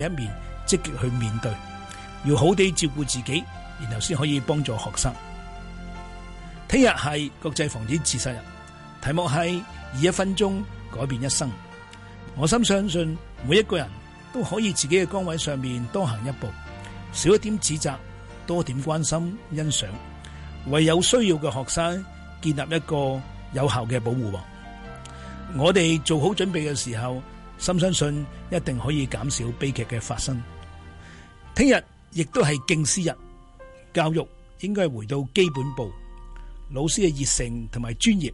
一面積極去面對，要好好照顧自己，然後先可以幫助學生。聽日係國際防止自殺日，題目係以一分鐘改變一生。我深相信每一個人都可以自己嘅崗位上面多行一步，少一點指責，多點關心欣賞，為有需要嘅學生建立一個有效嘅保護網。我哋做好準備嘅時候。深相信一定可以減少悲劇嘅發生。聽日亦都係敬師日，教育應該回到基本步，老師嘅熱誠同埋專業，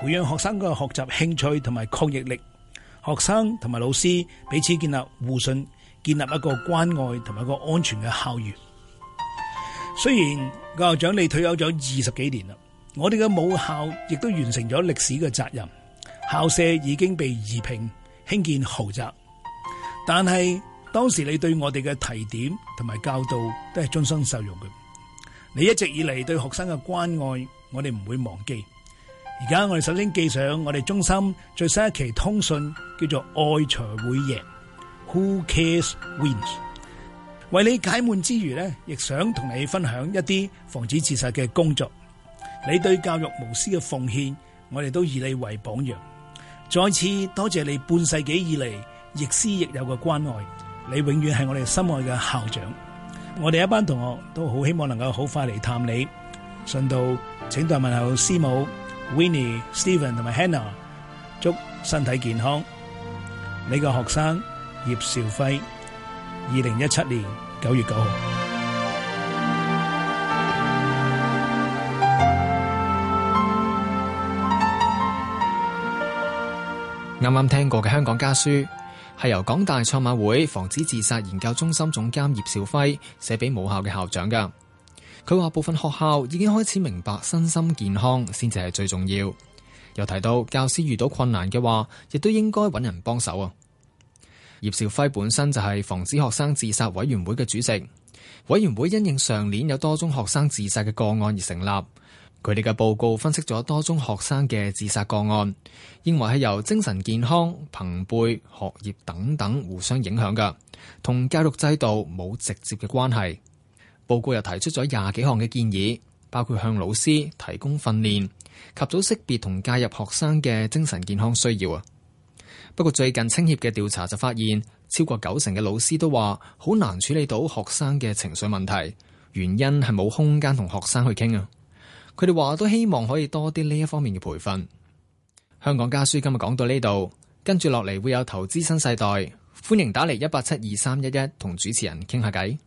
培養學生嘅學習興趣同埋抗逆力。學生同埋老師彼此建立互信，建立一個關愛同埋一個安全嘅校園。雖然教校長你退休咗二十幾年啦，我哋嘅母校亦都完成咗歷史嘅責任，校舍已經被移平。興建豪宅，但係當時你對我哋嘅提點同埋教導都係終生受用嘅。你一直以嚟，對學生嘅關愛，我哋唔會忘記。而家我哋首先寄上我哋中心最新一期通訊，叫做《愛才會贏》，Who cares wins。為你解悶之餘呢，亦想同你分享一啲防止自殺嘅工作。你對教育無私嘅奉獻，我哋都以你為榜樣。再次多謝你半世紀以嚟亦師亦友嘅關愛，你永遠係我哋心愛嘅校長。我哋一班同學都好希望能夠好快嚟探你。順道請代問候師母 Winnie、Win Stephen 同埋 Hannah，祝身體健康。你個學生葉兆輝，二零一七年九月九號。啱啱聽過嘅香港家書，係由港大賽馬會防止自殺研究中心總監葉兆輝寫俾母校嘅校長㗎。佢話部分學校已經開始明白身心健康先至係最重要。又提到教師遇到困難嘅話，亦都應該揾人幫手啊。葉兆輝本身就係防止學生自殺委員會嘅主席，委員會因應上年有多宗學生自殺嘅個案而成立。佢哋嘅報告分析咗多宗學生嘅自殺個案，認為係由精神健康、朋輩、學業等等互相影響㗎，同教育制度冇直接嘅關係。報告又提出咗廿幾項嘅建議，包括向老師提供訓練，及早識別同介入學生嘅精神健康需要啊。不過最近青協嘅調查就發現，超過九成嘅老師都話好難處理到學生嘅情緒問題，原因係冇空間同學生去傾啊。佢哋話都希望可以多啲呢一方面嘅培訓。香港家書今日講到呢度，跟住落嚟會有投資新世代，歡迎打嚟一八七二三一一同主持人傾下偈。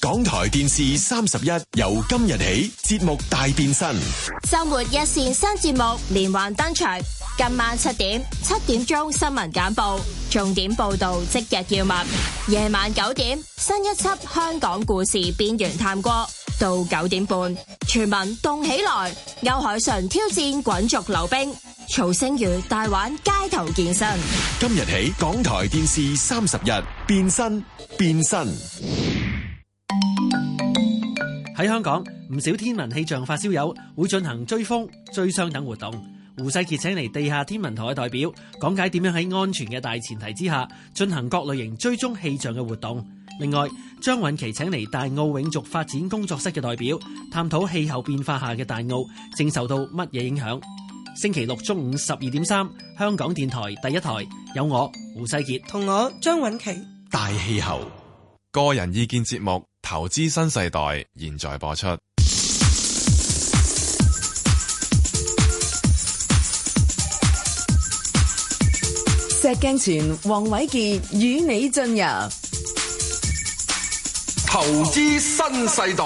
港台電視三十一，由今日起節目大變身，生活一線新節目連環登場。今晚七點七點鐘新聞簡報，重點報道即日要物。夜晚九點新一輯香港故事邊緣探戈。到九點半，全民動起來，歐海純挑戰滾軸溜冰，曹星如大玩街頭健身。今日起，港台電視三十日變身，變身。喺香港，唔少天文氣象發燒友會進行追風、追霜等活動。胡世杰請嚟地下天文台嘅代表，講解點樣喺安全嘅大前提之下，進行各類型追蹤氣象嘅活動。另外，張韻琪請嚟大澳永續發展工作室嘅代表，探討氣候變化下嘅大澳正受到乜嘢影響。星期六中午十二點三，香港電台第一台有我胡世杰同我張韻琪。大氣候個人意見節目《投資新世代》，現在播出。石鏡泉、黃瑋傑與你進入。投資新世代。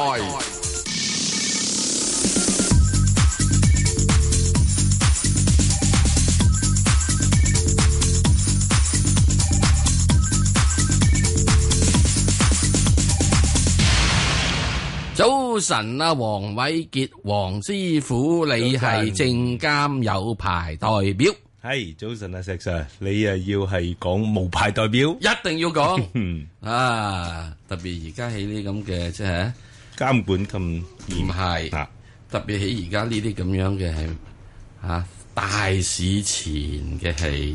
早晨啊，黃瑋傑黃師傅，你係證監有牌代表？.係、hey，早晨啊，石 Sir，你誒要係講無牌代表，一定要講 啊。特別而家喺呢咁嘅，即係監管咁嚴唔係啊。特別喺而家呢啲咁樣嘅係啊，大市前嘅係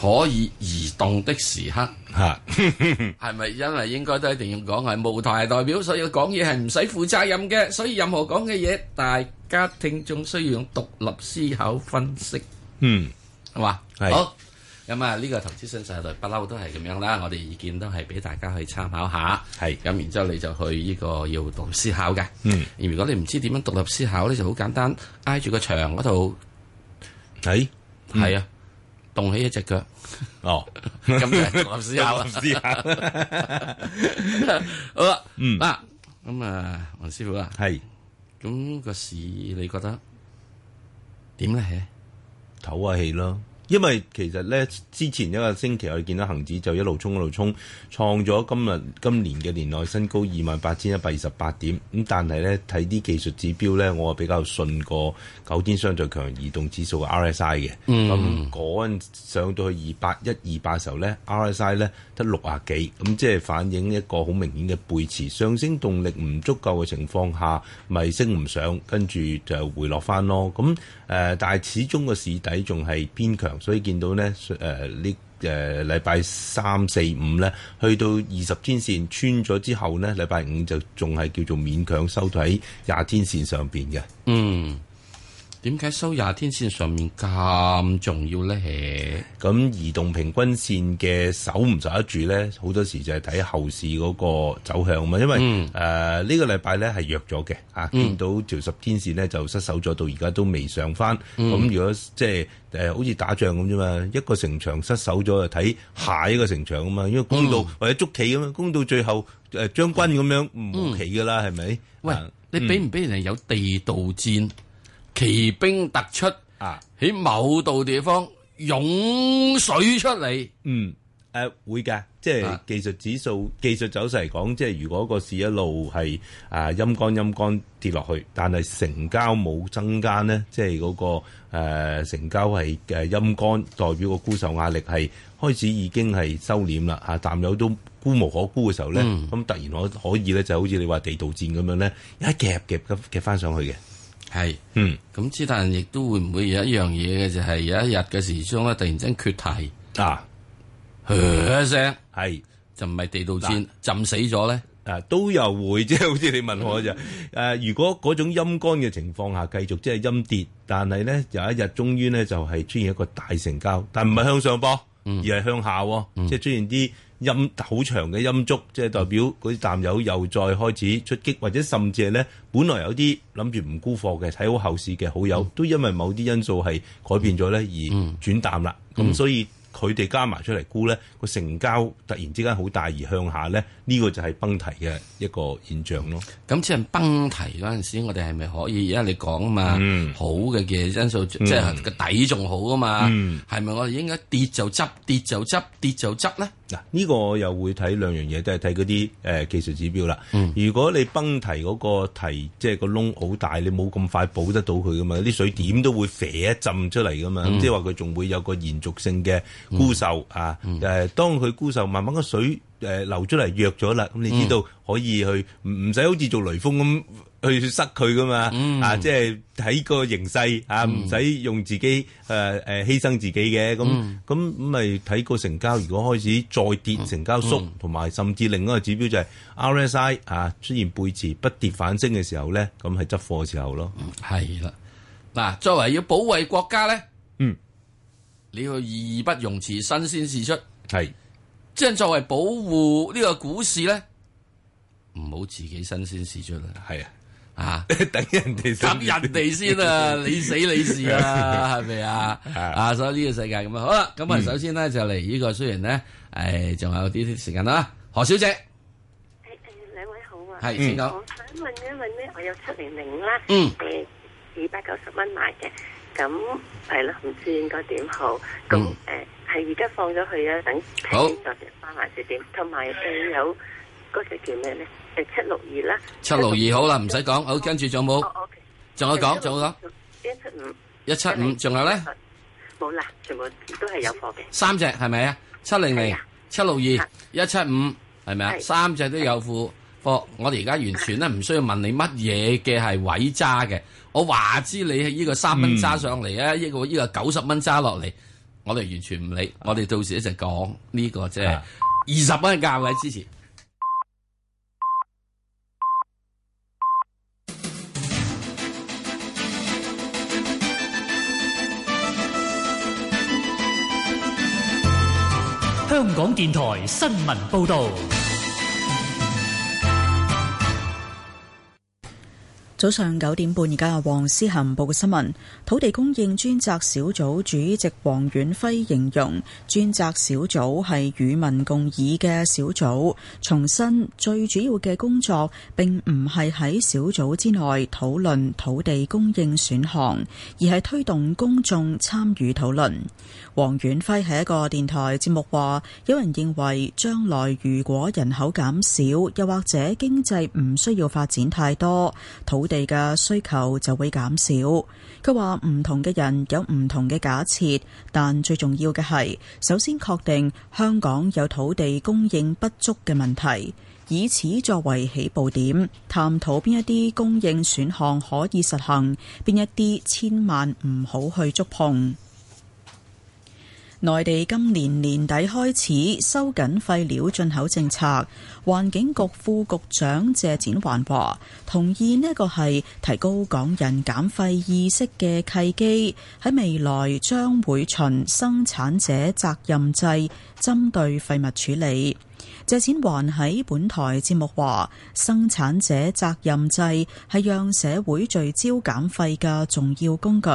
可以移動的時刻吓，係咪、啊？ 是是因為應該都一定要講係無牌代表，所以講嘢係唔使負責任嘅，所以任何講嘅嘢，大家聽眾需要用獨立思考分析。嗯。係嘛？好，是好，咁啊，呢個投資新世代不嬲都係咁樣啦。我哋意見都係俾大家去參考下。係咁是，然之後你就去呢個要獨、嗯、立思考嘅、欸。嗯，而如果你唔知點樣獨立思考咧，就好簡單，挨住個牆嗰度。係係啊，動起一隻腳。哦，咁啊 獨立思考。 好啦吧，嗯、啊，咁啊，黃師傅啊，係咁是個事，你覺得點咧？唞下氣啦～因為其實咧，之前一個星期我哋見到恒指就一路衝一路衝，創咗今日今年嘅年內新高二萬八千一百二十八點。咁但係咧，睇啲技術指標咧，我比較信過九天相對強移動指數 RSI 嘅。咁嗰陣上到去二八一二八嘅時候咧，RSI 咧得六啊幾，咁即係反映一個好明顯嘅背馳上升動力唔足夠嘅情況下，咪升唔上，跟住就回落翻咯。咁、呃、誒，但係始終個市底仲係偏強。所以見到咧，誒呢誒禮拜三四五咧，去到二十天線穿咗之後咧，禮拜五就仲係叫做勉強收喺廿天線上邊嘅。嗯。點解收廿天線上面咁重要咧？咁移動平均線嘅守唔守得住咧？好多時就係睇後市嗰個走向嘛。因為誒呢、嗯呃這個禮拜咧係弱咗嘅啊，見到條十天線咧就失守咗，到而家都未上翻。咁、嗯、如果即係誒，好似打仗咁啫嘛，一個城牆失守咗就睇下一個城牆啊嘛。因為攻到、嗯、或者捉棋咁樣，攻到最後誒將、呃、軍咁樣冇棋噶啦，係咪、嗯？是是喂，你俾唔俾人有地道戰？奇兵突出啊！喺某度地方湧水出嚟，嗯，誒、呃，會㗎，即係技術指數、技術走勢嚟講，即係如果個市一路係啊陰乾陰乾跌落去，但係成交冇增加咧，即係嗰、那個誒、呃、成交係誒陰乾，呃、代表個沽售壓力係開始已經係收斂啦，吓、啊、站有都沽無可沽嘅時候咧，咁、嗯、突然我可以咧就好似你話地道戰咁樣咧，一夾夾咁夾翻上去嘅。係，是嗯，咁之但亦都會唔會有一樣嘢嘅，就係、是、有一日嘅時鐘咧，突然間缺堤啊，一聲係是就唔係地道戰、啊、浸死咗咧，啊，都有會，即係好似你問我就，誒、 啊，如果嗰種陰乾嘅情況下繼續即係陰跌，但係咧有一日終於咧就係出現一個大成交，但唔係向上波。而係向下，嗯、即係出現啲陰好長嘅陰燭，即係代表嗰啲淡友又再開始出擊，或者甚至係咧，本來有啲諗住唔沽貨嘅，睇好後市嘅好友，嗯、都因為某啲因素係改變咗咧而轉淡啦。咁、嗯、所以。佢哋加埋出嚟估咧個成交突然之間好大而向下咧，呢個就係崩堤嘅一個現象咯。咁只係崩堤嗰陣時，我哋係咪可以，而家你講啊嘛，好嘅嘅因素，即係個底仲好啊嘛，係咪我哋應該跌就執，跌就執，跌就執咧？嗱，呢個我又會睇兩樣嘢，都係睇嗰啲誒技術指標啦。嗯、如果你崩堤嗰個堤，即係個窿好大，你冇咁快補得到佢噶嘛？啲水點都會瀉一浸出嚟噶嘛，嗯、即係話佢仲會有個延續性嘅沽售啊。誒、呃，當佢沽售慢慢個水誒、呃、流出嚟弱咗啦，咁你知道可以去唔唔使好似做雷鋒咁。去塞佢噶嘛？啊，即係睇個形勢啊，唔使用自己誒誒犧牲自己嘅，咁咁咁咪睇個成交。如果開始再跌，成交縮，同埋甚至另一個指標就係 RSI 啊，出現背馳不跌反升嘅時候咧，咁係執貨嘅時候咯。係啦，嗱，作為要保衛國家咧，嗯，你去義不容辭，新鮮事出係，即係作為保護呢個股市咧，唔好自己新鮮事出啦。係啊。啊！等人哋等人哋先啊！你死你事啊，係咪啊？啊！所以呢個世界咁樣，好啦，咁啊，首先咧就嚟呢個，雖然咧誒仲有啲時間啦、啊，何小姐，誒誒兩位好啊，係、嗯、我想問一問咧，我有七年零零啦、嗯嗯，嗯，誒二百九十蚊買嘅，咁係啦，唔知應該點好？咁誒係而家放咗去啊，等平再翻埋點，同埋有。嗰隻叫咩咧？係七六二啦，七六二好啦，唔使講，好，跟住仲有冇？仲有講，仲有講一七五一七五，仲有咧？冇啦，全部都係有貨嘅三隻係咪啊？七零零七六二一七五係咪啊？三隻都有貨貨，我哋而家完全咧唔需要問你乜嘢嘅係位揸嘅，我話知你係呢個三蚊揸上嚟啊，呢個呢個九十蚊揸落嚟，我哋完全唔理，我哋到時一直講呢個即係二十蚊價位支持。香港電台新聞報道，早上九點半，而家黃思涵報嘅新聞。土地供應專責小組主席黃遠輝形容，專責小組係與民共議嘅小組，重申最主要嘅工作，並唔係喺小組之內討論土地供應選項，而係推動公眾參與討論。黃遠輝喺一個電台節目話，有人認為將來如果人口減少，又或者經濟唔需要發展太多，土地嘅需求就會減少。佢話唔同嘅人有唔同嘅假設，但最重要嘅係，首先確定香港有土地供應不足嘅問題，以此作為起步點，探討邊一啲供應選項可以實行，邊一啲千萬唔好去觸碰。內地今年年底開始收緊廢料進口政策，環境局副局長謝展寰話同意呢個係提高港人減廢意識嘅契機，喺未來將會循生產者責任制針對廢物處理。謝展寰喺本台節目話，生產者責任制係讓社會聚焦減廢嘅重要工具。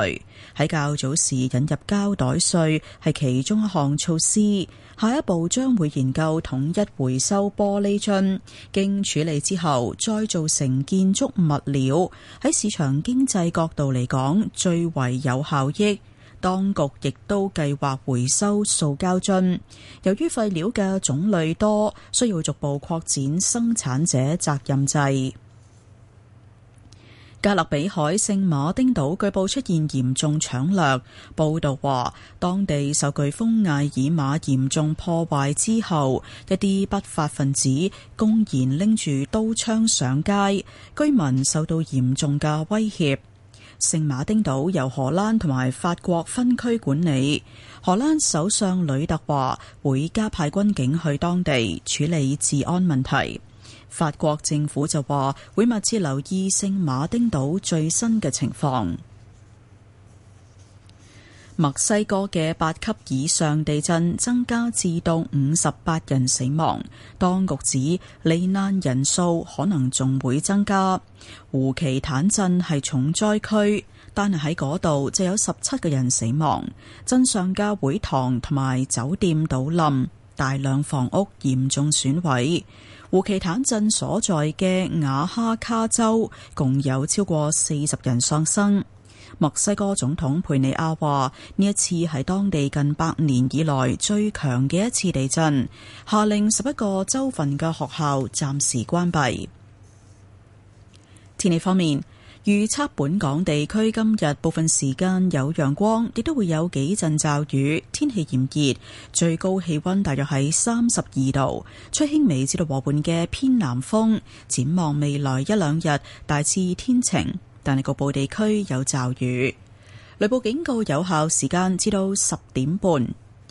喺較早時引入膠袋稅係其中一項措施，下一步將會研究統一回收玻璃樽，經處理之後再造成建築物料。喺市場經濟角度嚟講，最為有效益。當局亦都計劃回收塑膠樽，由於廢料嘅種類多，需要逐步擴展生產者責任制。加勒比海聖馬丁島據報出現嚴重搶掠，報道話當地受颶風艾爾瑪嚴重破壞之後，一啲不法分子公然拎住刀槍上街，居民受到嚴重嘅威脅。聖馬丁島由荷蘭同埋法國分區管理。荷蘭首相呂特話會加派軍警去當地處理治安問題。法國政府就話會密切留意聖馬丁島最新嘅情況。墨西哥嘅八級以上地震增加至到五十八人死亡，當局指罹難人數可能仲會增加。胡奇坦鎮係重災區，但係喺嗰度就有十七個人死亡，真相家會堂同埋酒店倒冧，大量房屋嚴重損毀。胡奇坦鎮所在嘅瓦哈卡州共有超過四十人喪生。墨西哥總統佩尼亞話：呢一次係當地近百年以來最強嘅一次地震，下令十一個州份嘅學校暫時關閉。天氣方面，預測本港地區今日部分時間有陽光，亦都會有幾陣驟雨，天氣炎熱，最高氣溫大約喺三十二度，吹輕微至到和緩嘅偏南風。展望未來一兩日，大致天晴。但係局部地區有驟雨，雷暴警告有效時間至到十點半。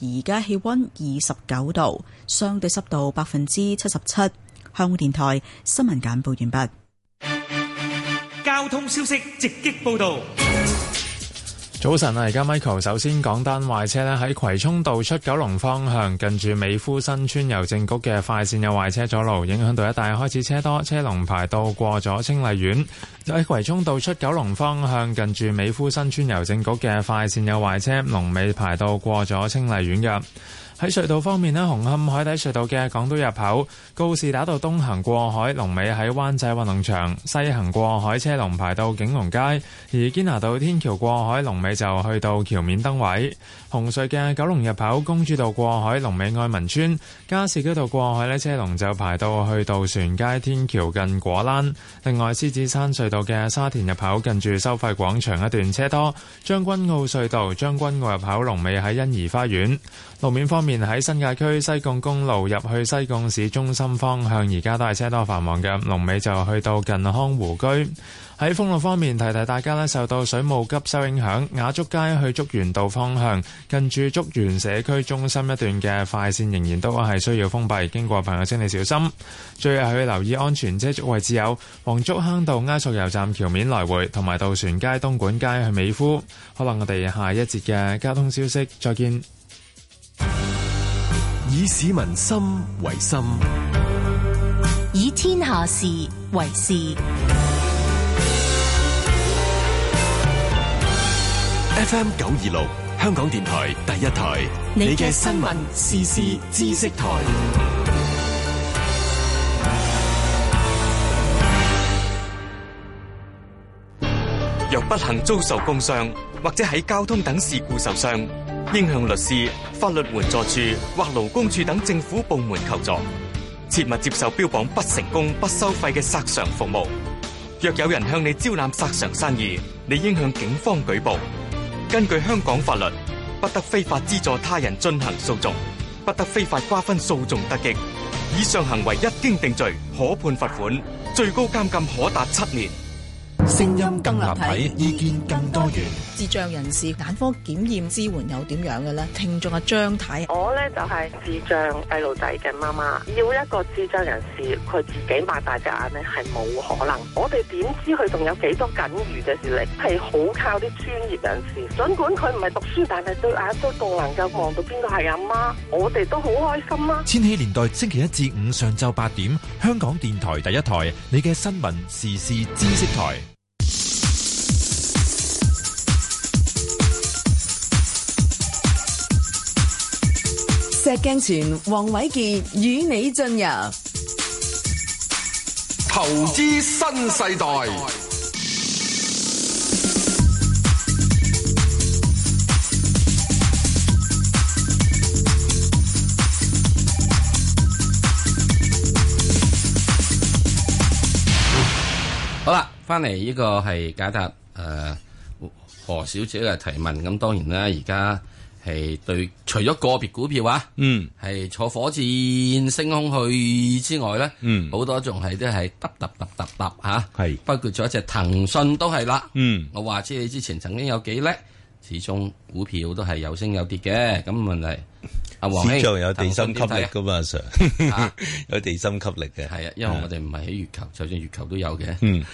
而家氣溫二十九度，相對濕度百分之七十七。香港電台新聞簡報完畢。交通消息直擊報道。早晨啊，而家 Michael 首先講單壞車呢，喺葵涌道出九龍方向，近住美孚新村郵政局嘅快線有壞車阻路，影響到一帶開始車多，車龍排到過咗清麗苑。就喺葵涌道出九龍方向，近住美孚新村郵政局嘅快線有壞車，龍尾排到過咗清麗苑嘅。喺隧道方面呢，紅磡海底隧道嘅港島入口告士打道東行過海，龍尾喺灣仔運動場；西行過海車龍排到景隆街，而堅拿道天橋過海龍尾就去到橋面燈位。紅隧嘅九龍入口公主道過海，龍尾愛民村；加士居道過海咧，車龍就排到去渡船街天橋近果欄。另外，獅子山隧道嘅沙田入口近住收費廣場一段車多。將軍澳隧道將軍澳入口龍尾喺欣怡花園。路面方面喺新界區西貢公路入去西貢市中心方向，而家都係車多繁忙嘅，龍尾就去到近康湖居。喺封路方面，提提大家咧，受到水務急修影響，雅竹街去竹園道方向近住竹園社區中心一段嘅快線仍然都係需要封閉，經過朋友請你小心。最後要留意安全車速位置有黃竹坑道、埃索油站橋面來回，同埋渡船街、東莞街去美孚。好啦，我哋下一節嘅交通消息再見。以市民心為心，以天下事為事。F M 九二六香港電台第一台，你嘅的 新聞時事知識台。若不幸遭受工傷，或者喺交通等事故受傷，應向律師、法律援助處或勞工處等政府部門求助。切勿接受標榜不成功、不收費嘅索償服務。若有人向你招攬索償生意，你應向警方舉報。根據香港法律，不得非法資助他人進行訴訟，不得非法瓜分訴訟得益。以上行為一經定罪，可判罰款，最高監禁可達七年。聲音更立體，意見更多元。就是、智障人士眼科檢驗支援又點樣嘅呢？聽眾阿張太，我呢就係智障細路仔嘅媽媽，要一個智障人士佢自己擘大隻眼呢係冇可能。我哋點知佢仲有幾多僅馀嘅視力？係好靠啲專業人士。儘管佢唔係讀書，但係對眼都仲能夠望到邊個係阿媽，我哋都好開心啊！千禧年代星期一至五上晝八點，香港電台第一台，你嘅新聞時事知識台。石鏡泉，黃瑋傑與你進入投資新世代。世代好啦，翻嚟呢個係解答誒、呃、何小姐嘅提問。咁當然啦，而家。係對，除咗個別股票啊，嗯，係坐火箭升空去之外咧，嗯，好多仲係都係嗒嗒嗒嗒嗒嚇，係、啊，是包括咗隻騰訊都係啦，嗯，我話知你之前曾經有幾叻，始終股票都係有升有跌嘅，咁問題係。阿黃兄，市仲有地心吸力噶嘛，Sir？啊、 有地心吸力嘅係啊，因為我哋唔係喺月球，就算 月球都有嘅。 嗯，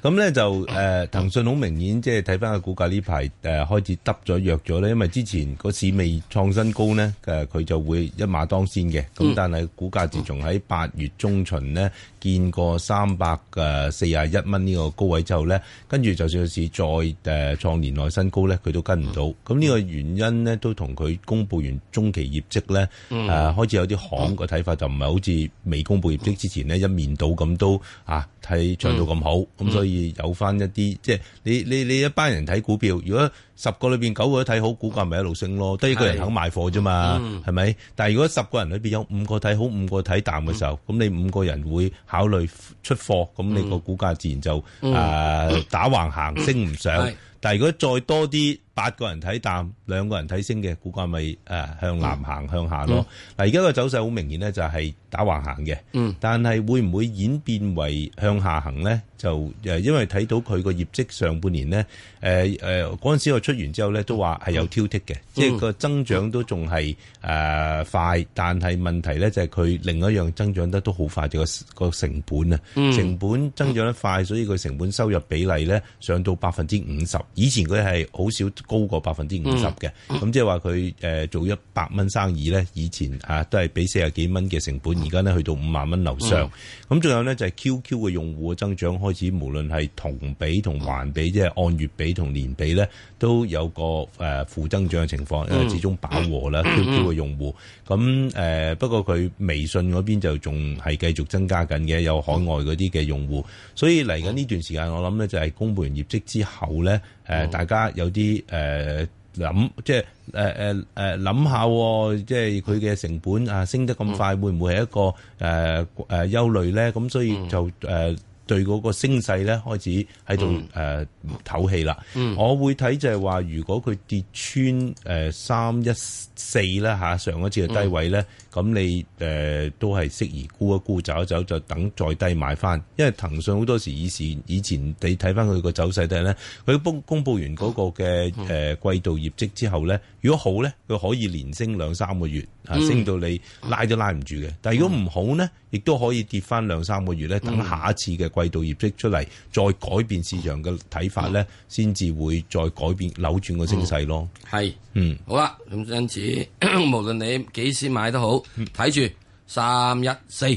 咁咧就誒，騰訊好明顯， 即係睇翻個股價呢排誒開始耷咗弱咗咧，因為之前個市未創新高呢，誒佢就會一馬當先嘅。咁但係股價自從喺八月中旬呢，見過三百誒四十一蚊呢個高位之後咧，跟住就算市再誒創年內新高咧，佢都跟唔到。咁呢個原因呢，都同佢公布完中期。 業績咧，誒、呃、開始有啲行嘅睇法、嗯、就唔係好似未公布業績之前咧、嗯、一面倒咁都啊睇漲到咁好，咁、嗯嗯、所以有翻一啲即係你你你一班人睇股票，如果十個裏邊九個都睇好，股價咪一路升咯，得一個人肯賣貨啫嘛，係咪、嗯？但係如果十個人裏邊有五個睇好，五個睇淡嘅時候，咁、嗯、你五個人會考慮出貨，咁你個股價自然就誒、呃嗯嗯、打橫行升唔上。但係如果再多啲。八個人睇淡，兩個人睇升嘅，估計咪誒向南行向下咯。嗱、嗯，而家個走勢好明顯咧，就係打橫行嘅。嗯，但係會唔會演變為向下行咧？就誒，因為睇到佢個業績上半年咧，誒誒嗰陣時我出完之後咧，都話係有挑剔嘅，嗯、即係個增長都仲係誒快，但係問題咧就係佢另一樣增長得都好快，就個、係、個成本啊，嗯嗯、成本增長得快，所以佢成本收入比例咧上到百分之五十。以前佢係好少。高過百分之五十嘅，咁即係話佢誒做一百蚊生意咧，以前吓都係俾四十幾蚊嘅成本，而家咧去到五十蚊樓上。咁仲有咧就係 QQ 嘅用戶嘅增長開始，無論係同比同環比，即係按月比同年比咧，都有個誒負增長嘅情況，因為始終飽和啦。QQ、嗯、嘅用戶，咁誒不過佢微信嗰邊就仲係繼續增加緊嘅，有海外嗰啲嘅用戶。所以嚟緊呢段時間，我諗咧就係公佈完業績之後咧。誒、呃，大家有啲誒諗，即係誒誒誒諗下，即係佢嘅成本啊，升得咁快，嗯、會唔會係一個誒誒、呃呃、憂慮咧？咁、嗯、所以就誒、呃、對嗰個升勢咧，開始喺度誒唞氣啦。嗯、我會睇就係話，如果佢跌穿誒三一四咧嚇，上一次嘅低位咧。嗯嗯。咁你誒都係適宜沽一沽，走一走，就等再低買翻。因為騰訊好多時以前以前你睇翻佢個走勢都係咧，佢公公佈完嗰個嘅誒季度業績之後咧，如果好咧，佢可以連升兩三個月，升到你拉都拉唔住嘅。但係如果唔好咧，亦都可以跌翻兩三個月咧，等下一次嘅季度業績出嚟，再改變市場嘅睇法咧，先至會再改變扭轉個升勢咯。係，嗯，好啦，咁因此，無論你幾時買都好。睇住三一四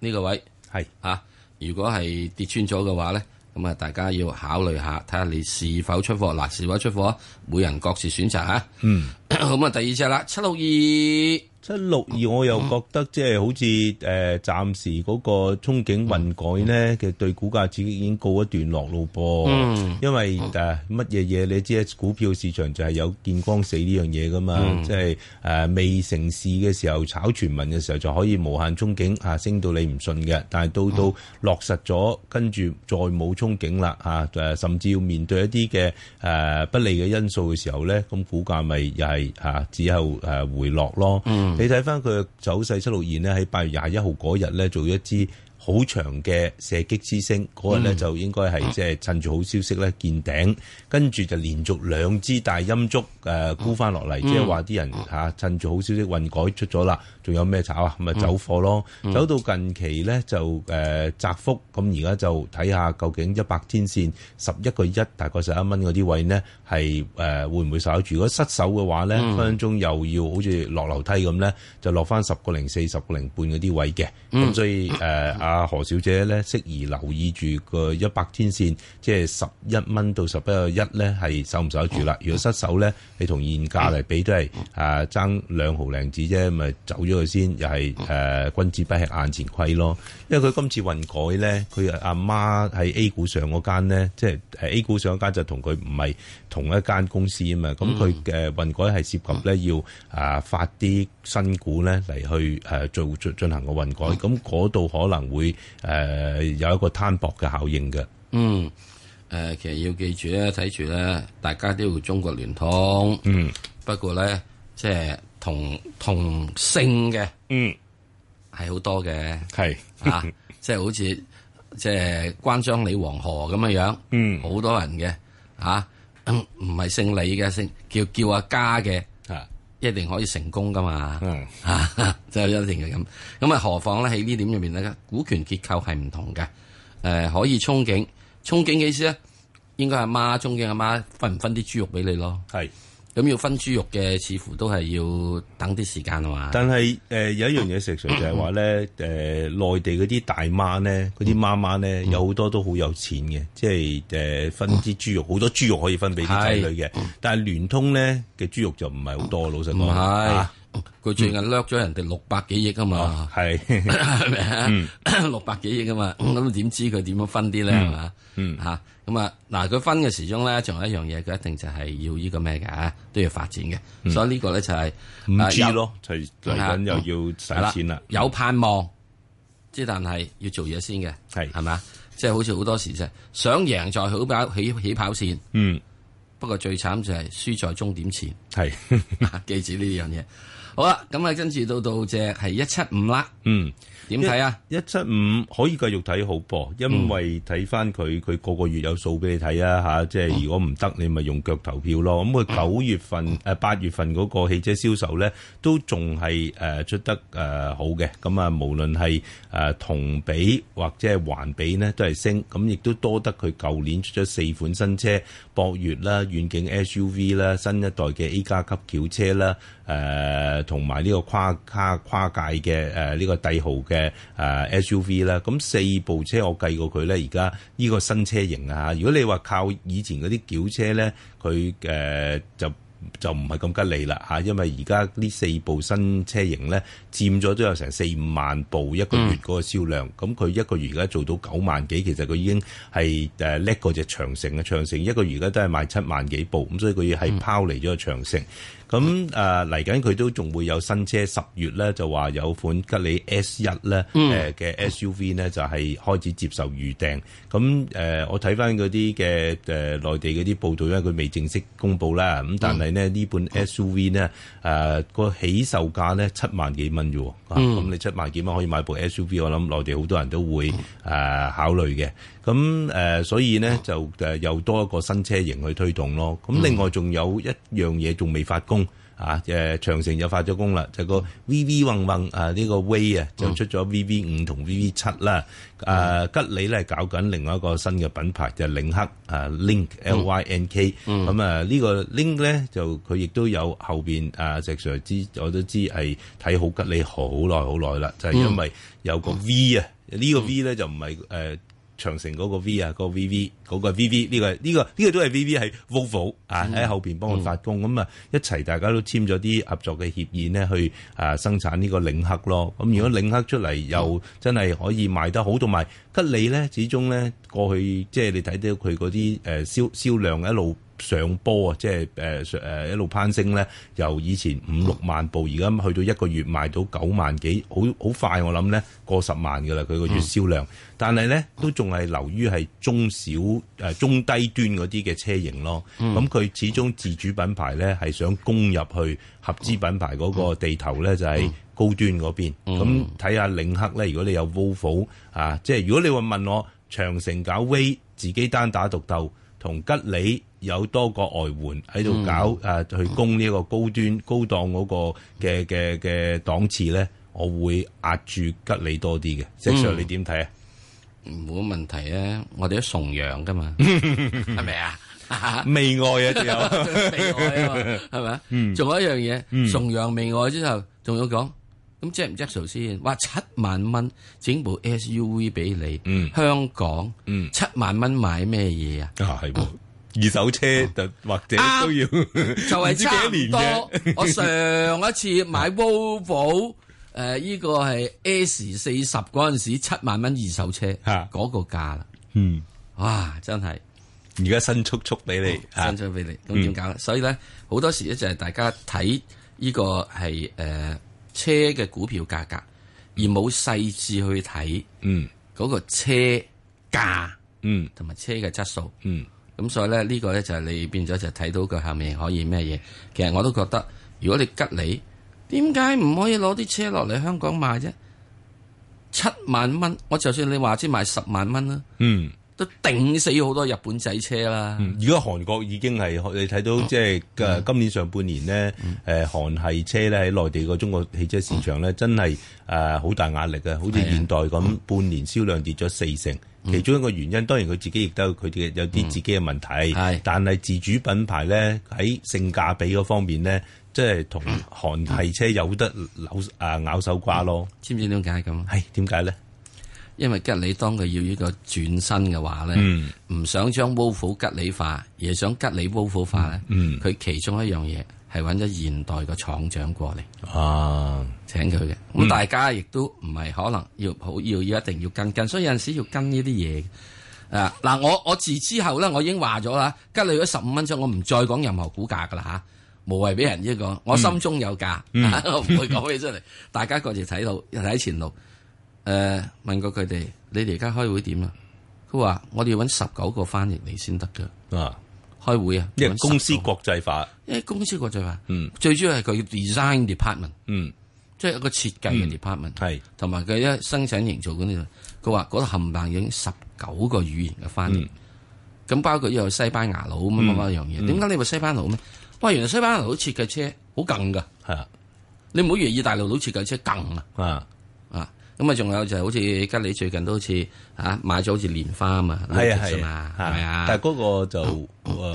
呢個位係是啊，如果係跌穿咗嘅話咧，咁啊大家要考慮下，睇下你是否出貨。嗱、啊，是否出貨，每人各自選擇吓。嗯，咁啊好，第二隻啦，七六二。七六二，我又覺得即係好似誒，暫時嗰個憧憬混改呢，其實對股價自己已經告一段落咯噃。因為誒乜嘢嘢，你知股票市場就係有見光死呢樣嘢噶嘛。即係誒未成事嘅時候，炒傳聞嘅時候就可以無限憧憬，上升到你唔信嘅。但係到到落實咗，跟住再冇憧憬啦，嚇誒，甚至要面對一啲嘅誒不利嘅因素嘅時候咧，咁股價咪又係嚇之後誒回落咯。你睇返佢走勢七六二咧，喺八月廿一號嗰日咧做一支，好長嘅射擊之星，嗰日咧就應該係即係趁住好消息咧見頂，跟住、嗯、就連續兩支大陰燭誒沽翻落嚟，嗯、即係話啲人吓、啊，趁住好消息運改出咗啦，仲有咩炒啊？咪走貨咯，嗯嗯、走到近期咧就誒、呃、窄幅，咁而家就睇下究竟一百天線十一個一大概十一蚊嗰啲位呢係誒、呃、會唔會守住？如果失手嘅話咧，分分鐘又要好似落樓梯咁咧，就落翻十個零四、十個零半嗰啲位嘅，咁所以誒啊！啊何小姐咧，適宜留意住個一百天線，即係十一蚊到十一個一咧，係守唔守住啦？如果失守咧，你同現價嚟比都係啊爭兩毫零子啫，咪走咗佢先，又係誒君子不吃眼前虧咯。因為佢今次混改咧，佢阿媽喺 A 股上嗰間咧，即係誒 A 股上嗰間就同佢唔係同一間公司啊嘛。咁佢嘅混改係涉及咧要啊發啲新股咧嚟去誒做進行個混改，咁嗰度可能會。會誒有一個攤薄嘅效應嘅，嗯，誒、呃、其實要記住咧，睇住咧，大家都要中國聯通，嗯，不過咧即係同同姓嘅，嗯，係好多嘅，係啊，即係好似即係關張李黃何咁樣樣，嗯，好多人嘅，啊，唔係姓李嘅姓叫叫阿嘉嘅。一定可以成功噶嘛，啊，嗯、 就一定係咁。咁啊，何況咧喺呢點入面咧，股權結構係唔同嘅。誒、呃，可以憧憬，憧憬嘅意思咧，應該係媽憧憬，阿媽分唔分啲豬肉俾你咯？係。咁要分豬肉嘅，似乎都係要等啲時間啊嘛。但係誒、呃、有一樣嘢食，就係話咧，誒、呃、內地嗰啲大媽咧，嗰啲媽媽咧，嗯嗯、有好多都好有錢嘅，即係誒、呃、分啲豬肉，好、嗯、多豬肉可以分俾啲仔女嘅。是但係聯通咧嘅豬肉就唔係好多，老實講、嗯、啊。佢最近掠咗人哋六百幾億啊嘛，係，六百幾億啊嘛，咁點知佢點樣分啲咧係嘛？嗯，吓，咁啊，嗱，佢分嘅時候咧，仲有一樣嘢，佢一定就係要呢個咩嘅，都要發展嘅，所以呢個咧就係唔知咯，咁又要使錢啦，有盼望，即係但係要做嘢先嘅，係係嘛？即係好似好多時啫，想贏在起跑起起跑線，嗯，不過最慘就係輸在終點前，係，記住呢樣嘢。好啦，咁啊，跟住到到只係一七五啦。嗯，點睇啊？一七五可以繼續睇好噃，因為睇翻，佢，佢個個月有數俾你睇啊。吓，即係如果唔得，你咪用腳投票咯。咁、嗯、佢九月份誒、嗯、八月份嗰個汽車銷售咧，都仲係誒出得誒、呃、好嘅。咁啊，無論係誒同比或者係環比呢，都係升。咁亦都多得佢舊年出咗四款新車，博越啦、遠景 SUV 啦、新一代嘅 A 加級轎車啦。誒同埋呢個跨卡跨，跨界嘅誒呢個帝豪嘅誒 SUV 啦、啊，咁四部車我計過佢咧，而家呢個新車型啊，如果你話靠以前嗰啲轎車咧，佢誒、呃、就就唔係咁吉利啦嚇、啊，因為而家呢四部新車型咧，佔咗都有成四五萬部一個月嗰個銷量，咁佢、嗯、一個月而家做到九萬幾，其實佢已經係誒叻過隻長城啊！長城一個月而家都係賣七萬幾部，咁所以佢要係拋離咗個長城。嗯咁誒嚟緊佢都仲會有新車，十月咧就話有款吉利 S1 咧、呃、誒嘅 SUV 呢就係、是、開始接受預訂。咁、嗯、誒、嗯嗯嗯、我睇翻嗰啲嘅誒內地嗰啲報道咧，因為佢未正式公布啦。咁但係呢，嗯嗯、本呢本 SUV 呢誒個起售價呢七萬幾蚊啫。咁、啊、你七萬幾蚊可以買部 SUV，我諗內地好多人都會誒、呃、考慮嘅。咁誒、呃，所以咧就誒又多一個新車型去推動咯。咁另外仲有一樣嘢仲未發工啊！誒、就係、長城又發咗工啦，就係、個 VV 轟轟啊呢、呢個 Way 啊就出咗 VV 五同 VV 七啦。啊吉利咧搞緊另外一個新嘅品牌就係、係、領克啊 Link L Y N K、嗯。咁、嗯、啊呢、呢個 Link 咧就佢亦都有後邊啊石 Sir 知我都知係睇好吉利好耐好耐啦，就係、係、因為有個 V 啊呢、嗯嗯、個 V 咧就唔係誒。呃長城嗰個 V 啊、嗰個，嗰個 VV 嗰個 VV 呢個呢個呢個都係 VV 係 Vovo 啊，喺後邊幫佢發工咁啊，嗯嗯、一齊大家都簽咗啲合作嘅協議呢，去啊生產呢個領克咯。咁如果領克出嚟又真係可以賣得好，同埋吉利咧，始終咧過去即係你睇到佢嗰啲誒銷銷量一路。上波啊，即係誒誒一路攀升咧，由以前五六萬部，而家去到一個月賣到九萬幾，好好快我諗咧過十萬嘅啦，佢個月銷量。但係咧都仲係流於係中小誒、呃、中低端嗰啲嘅車型咯。咁佢、嗯、始終自主品牌咧係想攻入去合資品牌嗰個地頭咧，就喺高端嗰邊。咁睇、嗯、下領克咧，如果你有 Volvo 啊，即係如果你話問我長城搞 WEY，自己單打獨鬥同吉利。有多個外援喺度搞誒，去供呢一個高端高檔嗰個嘅嘅嘅檔次咧，我會壓住吉利多啲嘅。Jasper，你點睇啊？冇問題啊，我哋都崇洋噶嘛，係咪啊？媚外啊，之後媚外係咪啊？仲有一樣嘢，崇洋媚外之後，仲要講咁，Jasper 先，話七萬蚊整部 SUV 俾你，香港七萬蚊買咩嘢啊？啊，係喎。二手車就或者都要，就係差幾年多。我上一次買 Volvo 誒呢個係 S 四十嗰陣時七萬蚊二手車，吓嗰個價啦。嗯，哇，真係！而家新速速俾你，新速俾你，咁點搞咧？所以咧，好多時咧就係大家睇呢個係誒車嘅股票價格，而冇細緻去睇，嗯，嗰個車價，嗯，同埋車嘅質素，嗯。咁所以咧，呢、這個咧就係你變咗就睇到佢下面可以咩嘢？其實我都覺得，如果你吉利，點解唔可以攞啲車落嚟香港賣啫？七萬蚊，我就算你話知賣十萬蚊啦，嗯、都頂死好多日本仔車啦、嗯。如果韓國已經係你睇到、就是，即係、嗯、今年上半年呢，誒、嗯嗯呃、韓系車咧喺內地個中國汽車市場咧，嗯嗯、真係誒好大壓力嘅，嗯、好似現代咁，嗯、半年銷量跌咗四成。其中一個原因，當然佢自己亦都有佢嘅有啲自己嘅問題，嗯、但係自主品牌咧喺性價比嗰方面咧，即係同韓系車有得拗啊，拗手瓜咯，嗯、知唔知點解咁？係點解咧？為呢因為吉利當佢要呢個轉身嘅話咧，唔、嗯、想將 Volvo 吉利化，而係想吉利 Volvo 化咧，佢、嗯、其中一樣嘢。係揾咗現代個廠長過嚟啊，請佢嘅，咁大家亦都唔係可能要好要要一定要跟跟，所以有陣時要跟呢啲嘢啊嗱，我我自之後咧，我已經話咗啦，今日咗十五分鐘，我唔再講任何股價噶啦吓，無謂俾人呢個，我心中有價，唔、嗯啊、會講嘢出嚟，嗯、 大家各自睇到又睇前路。誒、呃，問過佢哋，你哋而家開會點啊？佢話：我哋揾十九個翻譯嚟先得嘅啊。開會啊！即係公司國際化，誒，公司國際化，嗯，最主要係佢 design department，嗯，即係一個設計嘅 department，係，同埋佢一生產營造嗰啲，佢話嗰度冚唪唥已經十九個語言嘅翻譯，咁包括有西班牙佬乜乜乜樣嘢，點解你話西班牙佬咩？哇，原來西班牙佬設計車好勁噶，係啊，你唔好以為意大利佬設計車勁啊。咁啊，仲有就係好似吉利最近都好似吓買咗好似蓮花啊嘛，係啊係啊，係啊。但係嗰個就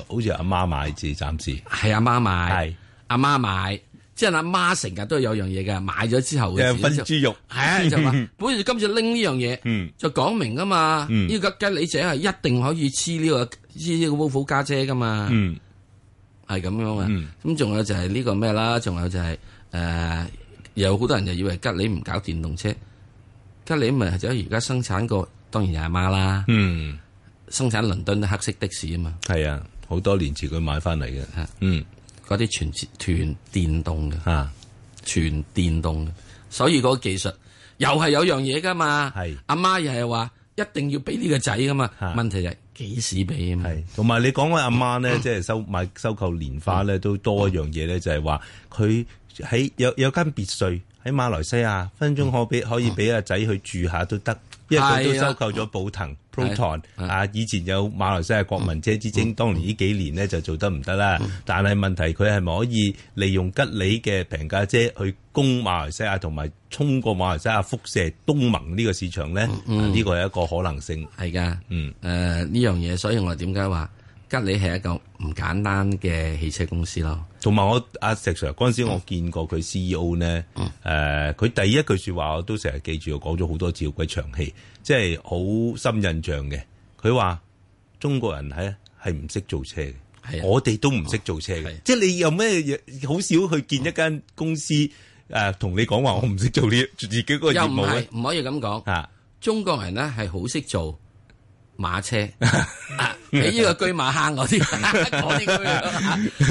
好似阿媽買住暫時，係阿媽買，係阿媽買，即係阿媽成日都有樣嘢嘅，買咗之後嘅。誒，粉豬肉係啊，就好似今次拎呢樣嘢，就講明噶嘛，呢個吉利姐係一定可以黐呢個黐呢個 Volvo 家姐噶嘛，嗯，係咁樣啊，咁仲有就係呢個咩啦，仲有就係誒，有好多人就以為吉利唔搞電動車。即你咪就而家生產個當然阿媽啦，嗯、生產倫敦黑色的士啊嘛，係啊，好多年前佢買翻嚟嘅，啊、嗯，嗰啲全全電動嘅，全電動嘅、啊，所以嗰個技術又係有樣嘢㗎嘛，阿媽、啊、又係話一定要俾呢個仔㗎嘛，啊、問題係幾時俾啊？同埋你講嘅阿媽咧，即係、嗯、收買收購蓮花咧，都多一樣嘢咧，就係話佢喺有有，有間別墅。喺馬來西亞分鐘可俾可以俾阿仔去住下都得，因為佢都收購咗寶騰 Proton 啊，以前有馬來西亞國民車之稱，嗯、當然呢幾年咧就做得唔得啦。嗯、但係問題佢係咪可以利用吉利嘅平價車去攻馬來西亞，同埋衝過馬來西亞，輻射東盟呢個市場咧？呢個係一個可能性。係噶，嗯，誒呢樣嘢，所以我點解話？吉利係一個唔簡單嘅汽車公司咯，同埋我阿石 Sir 嗰陣時，我見過佢 CEO 咧，誒，佢第一句說話我都成日記住，我講咗好多次好鬼長氣，即係好深印象嘅。佢話中國人喺係唔識做車嘅，我哋都唔識做車嘅，即係你有咩嘢？好少去見一間公司誒，同你講話我唔識做啲自己個業務咧。唔可以咁講，中國人咧係好識做。馬車，你、啊、呢個居馬坑嗰啲，嗰啲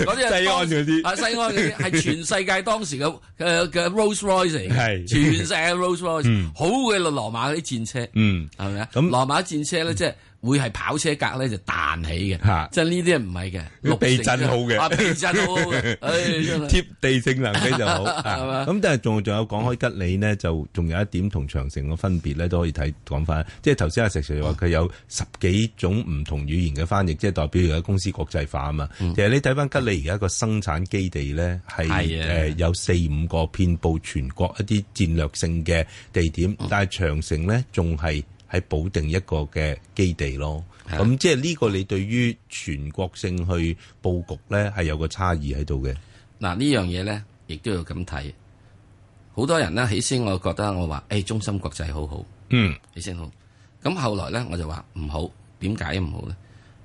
嗰啲係當時，啊，西安嗰啲係全世界當時嘅嘅嘅、呃、Rolls Royce，係是全世界 Rolls Royce 好嘅羅、嗯、馬嗰啲戰車，嗯，係咪啊？咁羅、嗯、馬戰車咧即係。嗯會係跑車格咧就彈起嘅，即係呢啲唔係嘅。避震、啊、震好嘅，避震好，嘅、哎，貼、哎哎哎、地性能非就好。咁但係仲仲有講開吉利呢，就仲有一點同長城嘅分別呢都可以睇講翻。即係頭先阿石石話佢有十幾種唔同語言嘅翻譯，即係代表而家公司國際化啊嘛。嗯、其實你睇翻吉利而家個生產基地呢，係誒有四五個遍布全國一啲戰略性嘅地點，但係長城呢仲係喺保定一個嘅基地咯。咁、啊、即係呢個你對於全國性去布局咧，係有個差異喺度嘅。嗱、啊、呢樣嘢咧，亦都要咁睇。好多人咧，起先我覺得我話誒、哎，中心國際好好，嗯，起先好。咁後來咧，我就話唔好。點解唔好咧？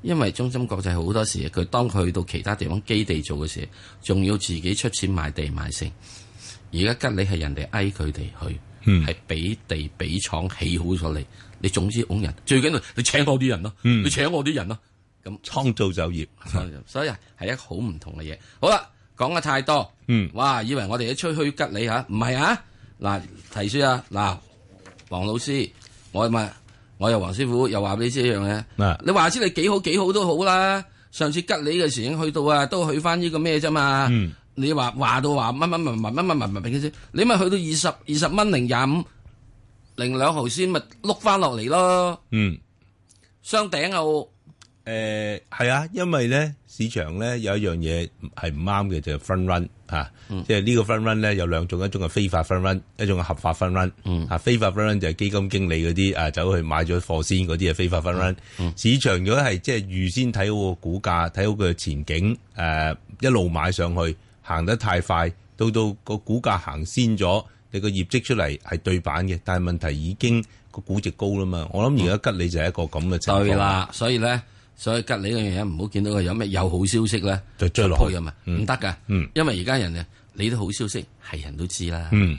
因為中心國際好多時佢當佢去到其他地方基地做嘅時候，仲要自己出錢買地買城。而家吉利係人哋嗌佢哋去，係俾、嗯、地俾廠起好咗嚟。你總之揾人，最緊要你請我啲人咯，你請我啲人咯，咁創造就業，所以係一個好唔同嘅嘢。好啦，講得太多，哇，以為我哋一吹噓吉你。吓，唔係啊？嗱，提書啊，嗱，黃老師，我咪，我又黃師傅又話俾你知一樣嘢，你話知你幾好幾好都好啦。上次吉你嘅時已經去到啊，都去翻呢個咩啫嘛？你話話到話乜乜乜乜乜乜文文嘅啫，你咪去到二十二十蚊零廿五。零兩毫先咪碌翻落嚟咯。嗯，雙頂後，誒係、呃、啊，因為咧市場咧有一樣嘢係唔啱嘅就係、是、front run 吓、嗯啊，即係呢個 front run 咧有兩種，一種係非法 front run，一種係合法 front run、嗯。啊非法 front run 就係基金經理嗰啲啊走去買咗貨先嗰啲啊非法 front run、嗯。嗯、市場如果係即係預先睇好個股價，睇好佢嘅前景，誒、啊、一路買上去，行得太快，到到個股價行先咗。你個業績出嚟係對版嘅，但係問題已經個估值高啦嘛。我諗而家吉利就係一個咁嘅情況、嗯。對啦，所以咧，所以吉利嗰樣嘢唔好見到佢有咩有好消息咧，就追落去啊嘛，唔得噶。嗯，因為而家人哋，你啲好消息係人都知啦。嗯，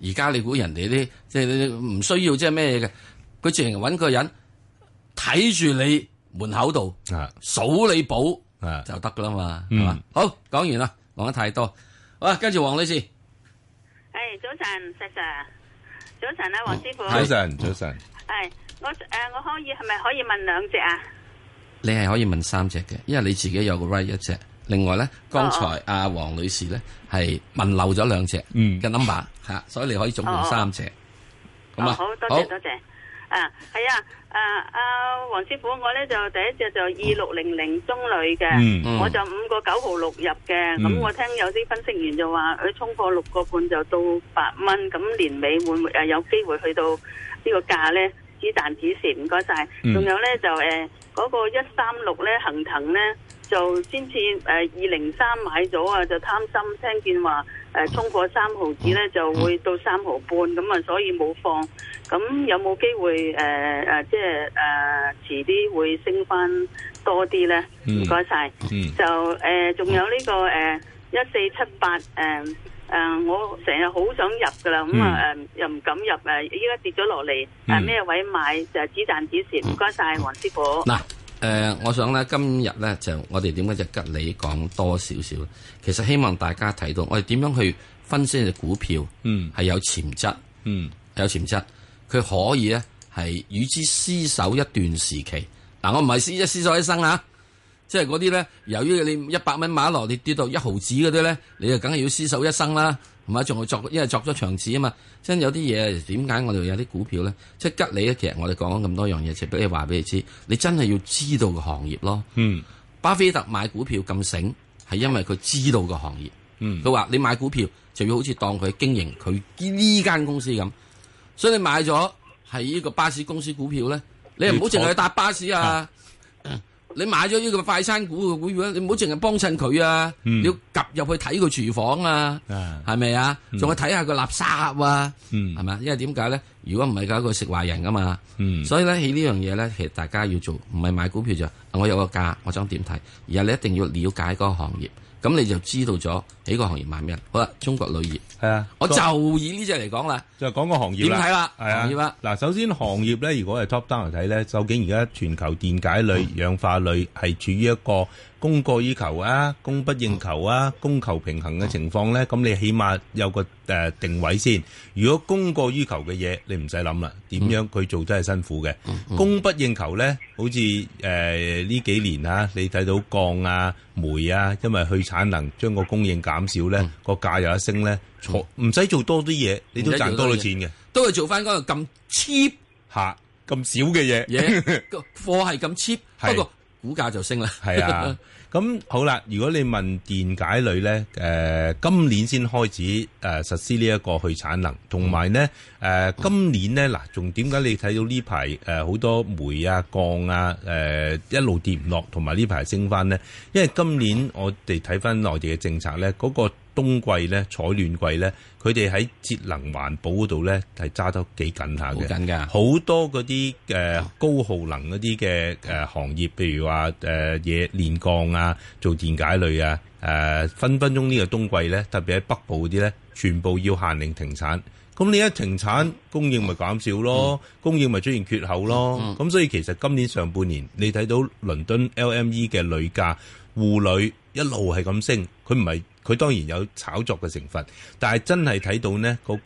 而家你估人哋啲即係你唔需要即係咩嘅，佢自然揾個人睇住你門口度啊，數的你寶啊的就得噶啦嘛，係嘛、嗯。好，講完啦，講得太多。好啦，跟住黃女士。早晨，石 Sir，早晨咧，黃師傅，早晨，早晨，係我誒，我可以係咪可以問兩隻啊？你係可以問三隻嘅，因為你自己有個 right 一隻，另外咧剛才阿黃、oh, 女士咧係問漏咗兩隻嗯嘅 number 吓，oh. 所以你可以總共三隻，咁啊、oh. 樣，oh, 好多謝多謝。好多謝啊，係啊，誒、啊，阿黃師傅，我呢就第一隻就二六零零中鋁嘅，嗯啊、我就五個九毫六入嘅，咁、嗯、我聽有啲分析員就話佢衝破六個半就到八蚊，咁年尾會唔會有機會去到呢個價呢？止賺止蝕，唔該晒。仲、嗯、有呢，就誒嗰、呃那個一三六呢，恒騰呢，就先至誒二零三買咗啊，就貪心，聽見話。誒，通過三毫紙咧就會到三毫半，咁啊所以冇放。咁有冇機會誒誒、呃呃，即係誒遲啲會升翻多啲咧？唔該晒。嗯，謝謝嗯就誒仲、呃、有呢、這個誒一四七八誒誒，我成日好想入噶啦，咁啊誒又唔敢入誒，依、呃、家跌咗落嚟，誒咩位買就只賺指錢？唔該晒，黃師傅。嗱。誒、呃，我想咧今日咧就我哋點解就吉利講多少少咧？其實希望大家睇到我哋點樣去分析隻股票，係、嗯、有潛質，嗯、有潛質，佢可以咧係與之厮守一段時期。嗱、啊，我唔係厮一厮守一生啊，即係嗰啲咧，由於你一百蚊馬落，跌跌到一毫子嗰啲咧，你就梗係要厮守一生啦、啊。唔係仲要作，因為作咗長次啊嘛，真有啲嘢點解我哋有啲股票咧？即係吉你啊！其實我哋講咗咁多樣嘢，就俾你話俾你知，你真係要知道個行業咯。嗯，巴菲特買股票咁醒，係因為佢知道個行業。嗯，佢話你買股票就要好似當佢經營佢呢間公司咁，所以你買咗係呢個巴士公司股票咧，你又唔好淨係去搭巴士啊！你買咗呢個快餐股嘅股票，你唔好淨係幫襯佢啊！嗯、你要夾入去睇佢廚房啊，係咪啊？仲、啊嗯、要睇下佢垃圾啊，係咪、嗯？因為點解咧？如果唔係嘅，佢食壞人噶嘛。嗯、所以咧，喺呢樣嘢咧，其實大家要做，唔係買股票就我有個價，我想點睇。而家你一定要了解嗰個行業。咁你就知道咗幾個行業買咩啦。好啦，中國鋁業，係啊的，我就以呢隻嚟講啦。就講個行業點睇啦，係啊。點啊的？嗱，首先行業咧，如果係 Top Down 嚟睇咧，究竟而家全球電解鋁、 氧化鋁係處於一個？供過於求啊，供不應求啊，供求平衡嘅情況咧，咁你起碼有個誒定位先。如果供過於求嘅嘢，你唔使諗啦，點樣佢做都係辛苦嘅。嗯嗯、供不應求咧，好似誒呢幾年啊，你睇到鋼啊、煤啊，因為去產能將個供應減少咧，個價又一升咧，唔使做多啲嘢，你都賺多咗錢嘅，都係做翻嗰個咁 cheap 吓，咁少嘅嘢嘢， yeah, 貨係咁 cheap，不過。股價就升啦，係啊，咁好啦。如果你問電解鋁咧，誒、呃，今年先開始誒、呃、實施呢一個去產能，同埋咧誒，今年咧嗱，仲點解你睇到呢排誒好多煤啊、鋼啊誒一路跌唔落，同埋呢排升翻咧？因為今年我哋睇翻內地嘅政策咧，嗰、嗰個。冬季咧，採暖季咧，佢哋喺節能環保嗰度咧，係揸得幾緊下嘅。緊㗎，好多嗰啲誒高耗能嗰啲嘅誒行業，譬如話誒嘢煉鋼啊，做電解鋁啊，誒分分鐘呢個冬季咧，特別喺北部嗰啲咧，全部要限令停產。咁你一停產，供應咪減少咯，供應咪出現缺口咯。咁所以其實今年上半年，你睇到倫敦 LME 嘅鋁價、滬鋁一路係咁升，佢唔係。佢當然有炒作嘅成分，但係真係睇到呢嗰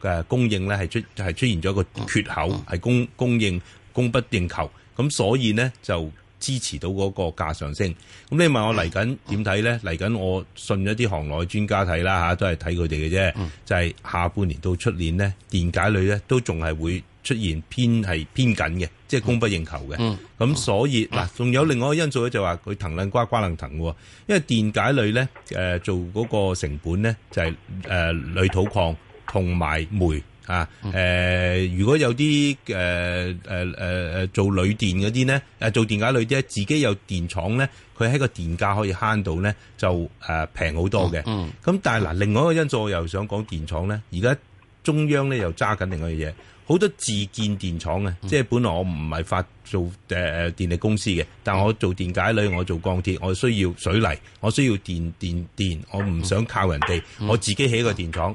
個嘅供應呢係出係出現咗一個缺口，係供供應供不應求，咁所以呢就。支持到嗰個價上升，咁你問我嚟緊點睇咧？嚟緊我信咗啲行內專家睇啦嚇，都係睇佢哋嘅啫，就係下半年到出年咧，電解鋁咧都仲係會出現偏係偏緊嘅，即係供不應求嘅。咁所以嗱，仲有另外一個因素咧，就係話佢騰楞瓜瓜楞騰嘅，因為電解鋁咧誒做嗰個成本咧就係誒鋁土礦同埋煤。啊，誒、呃，如果有啲誒誒誒誒做鋁電嗰啲咧，誒、呃、做電解鋁啲咧，自己有電廠咧，佢喺個電價可以慳到咧，就誒平好多嘅。咁、嗯嗯、但係嗱，另外一個因素我又想講電廠咧，而家中央咧又揸緊另外嘅嘢，好多自建電廠啊，嗯、即係本來我唔係發做誒、呃、電力公司嘅，但我做電解鋁，我做鋼鐵，我需要水泥，我需要電電電，我唔想靠人哋，我自己起個電廠。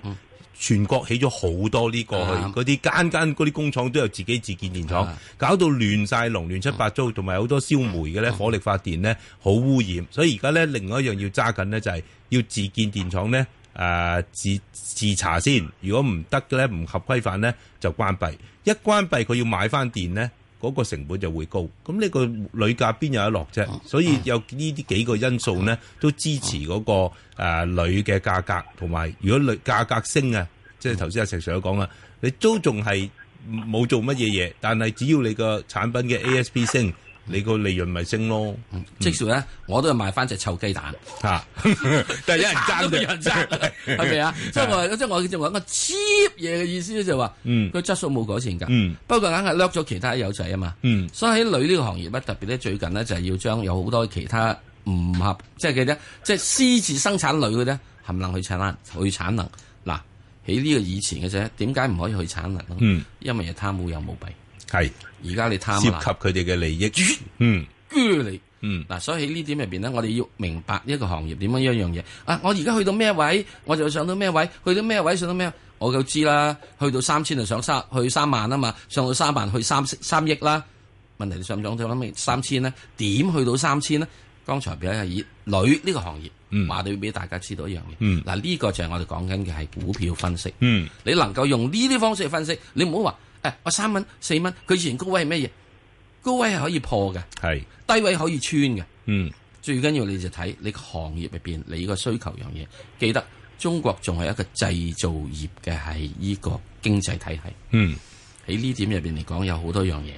全國起咗好多呢個，去嗰啲間間嗰啲工廠都有自己自建電廠，搞到亂晒龍、亂七八糟，同埋好多燒煤嘅咧，火力發電咧好污染。所以而家咧，另外一樣要揸緊咧，就係要自建電廠咧，誒自自查先。如果唔得嘅咧，唔合規範咧，就關閉。一關閉佢要買翻電咧。嗰個成本就會高，咁呢個鋁價邊有得落啫？所以有呢啲幾個因素咧，都支持嗰個誒鋁嘅價格。同埋如果鋁價格升啊，即係頭先阿石 Sir 講啦，你都仲係冇做乜嘢嘢，但係只要你個產品嘅 ASP 升。你個利潤咪升咯？嗯、即使咧，我都要賣翻隻臭雞蛋吓、啊，但係有人爭 有人爭，係咪啊？即係我即係我，即係我一個 cheap 嘢嘅意思就話，嗯，個質素冇改善噶，嗯，不過硬係掠咗其他友仔啊嘛，嗯，所以喺鋁呢個行業咧，特別咧最近咧就係、是、要將有好多其他唔合，即係佢咧，即係私自生產鋁嘅咧，冚唪唥去產能去產能。嗱，喺呢個以前嘅啫，點解唔可以去產能咯？嗯，因為又貪污又舞弊，係的。而家你貪涉及佢哋嘅利益，嗯，你，嗯，嗱，所以呢點入邊咧，我哋要明白一個行業點樣一樣嘢。啊，我而家去到咩位，我就上到咩位，去到咩位上到咩，我就知啦。去到三千就上三，去三萬啊嘛，上到三萬去三三億啦。問題你上唔上到？我諗起三千咧，點去到三千咧？剛才俾阿以女呢個行業，嗯，話到俾大家知道一樣嘢。嗱、嗯，呢、呢個就係我哋講緊嘅係股票分析。嗯，你能夠用呢啲方式去分析，你唔好話。我三蚊四蚊，佢以前高位係乜嘢？高位係可以破嘅，係是低位可以穿嘅。嗯，最緊要你就睇你個行業入邊，你個需求樣嘢。記得中國仲係一個製造業嘅，係呢個經濟體系。嗯，喺呢點入邊嚟講，有好多樣嘢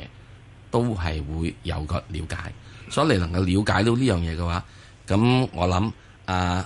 都係會有個了解，所以你能夠了解到呢樣嘢嘅話，咁我諗啊。呃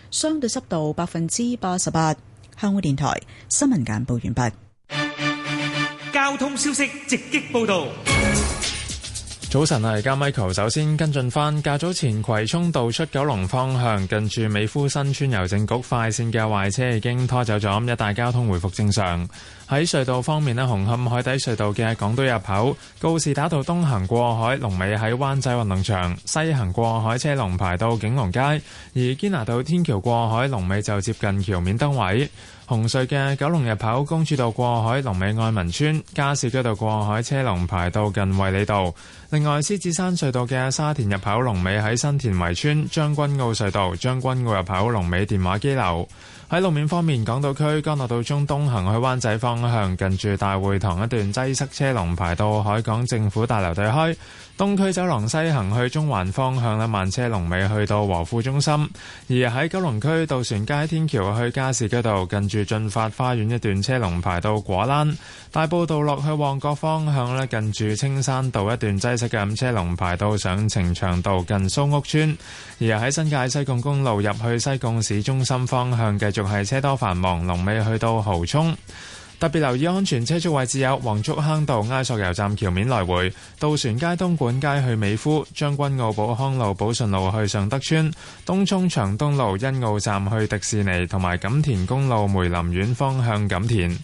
相對濕度百分之八十八。香港電台新聞簡報完畢。交通消息直擊報道。早晨啊，加 Michael，首先跟進翻。較早前葵涌道出九龍方向，近住美孚新村郵政局快線嘅壞車已經拖走咗，咁一帶交通回復正常。喺隧道方面呢，紅磡海底隧道嘅港島入口告士打道東行過海龍尾喺灣仔運動場，西行過海車龍排到景隆街；而堅拿道天橋過海龍尾就接近橋面燈位。紅隧嘅九龍入口公主道過海龍尾愛民村，加士居道過海車龍排到近衛理道。另外，獅子山隧道嘅沙田入口龍尾喺新田圍村，將軍澳隧道將軍澳入口龍尾電話機樓。喺路面方面，港島區干諾道中東行去灣仔方向，近住大會堂一段擠塞車龍排到海港政府大樓對開。東區走廊西行去中環方向咧，慢車龍尾去到和富中心。而喺九龍區渡船街天橋去加士居道，近住駿發花園一段車龍，車龍排到果欄。大埔道落去旺角方向咧，近住青山道一段擠塞嘅，車龍排到上呈祥道近蘇屋村。而喺新界西貢公路入去西貢市中心方向，繼續係車多繁忙，龍尾去到蠔涌。特別留意安全車速位置有黃竹坑道埃索油站橋面來回、渡船街、東莞街去美孚、將軍澳寶康路、寶順路去尚德邨、東涌長東路欣澳站去迪士尼同埋錦田公路梅林苑方向錦田。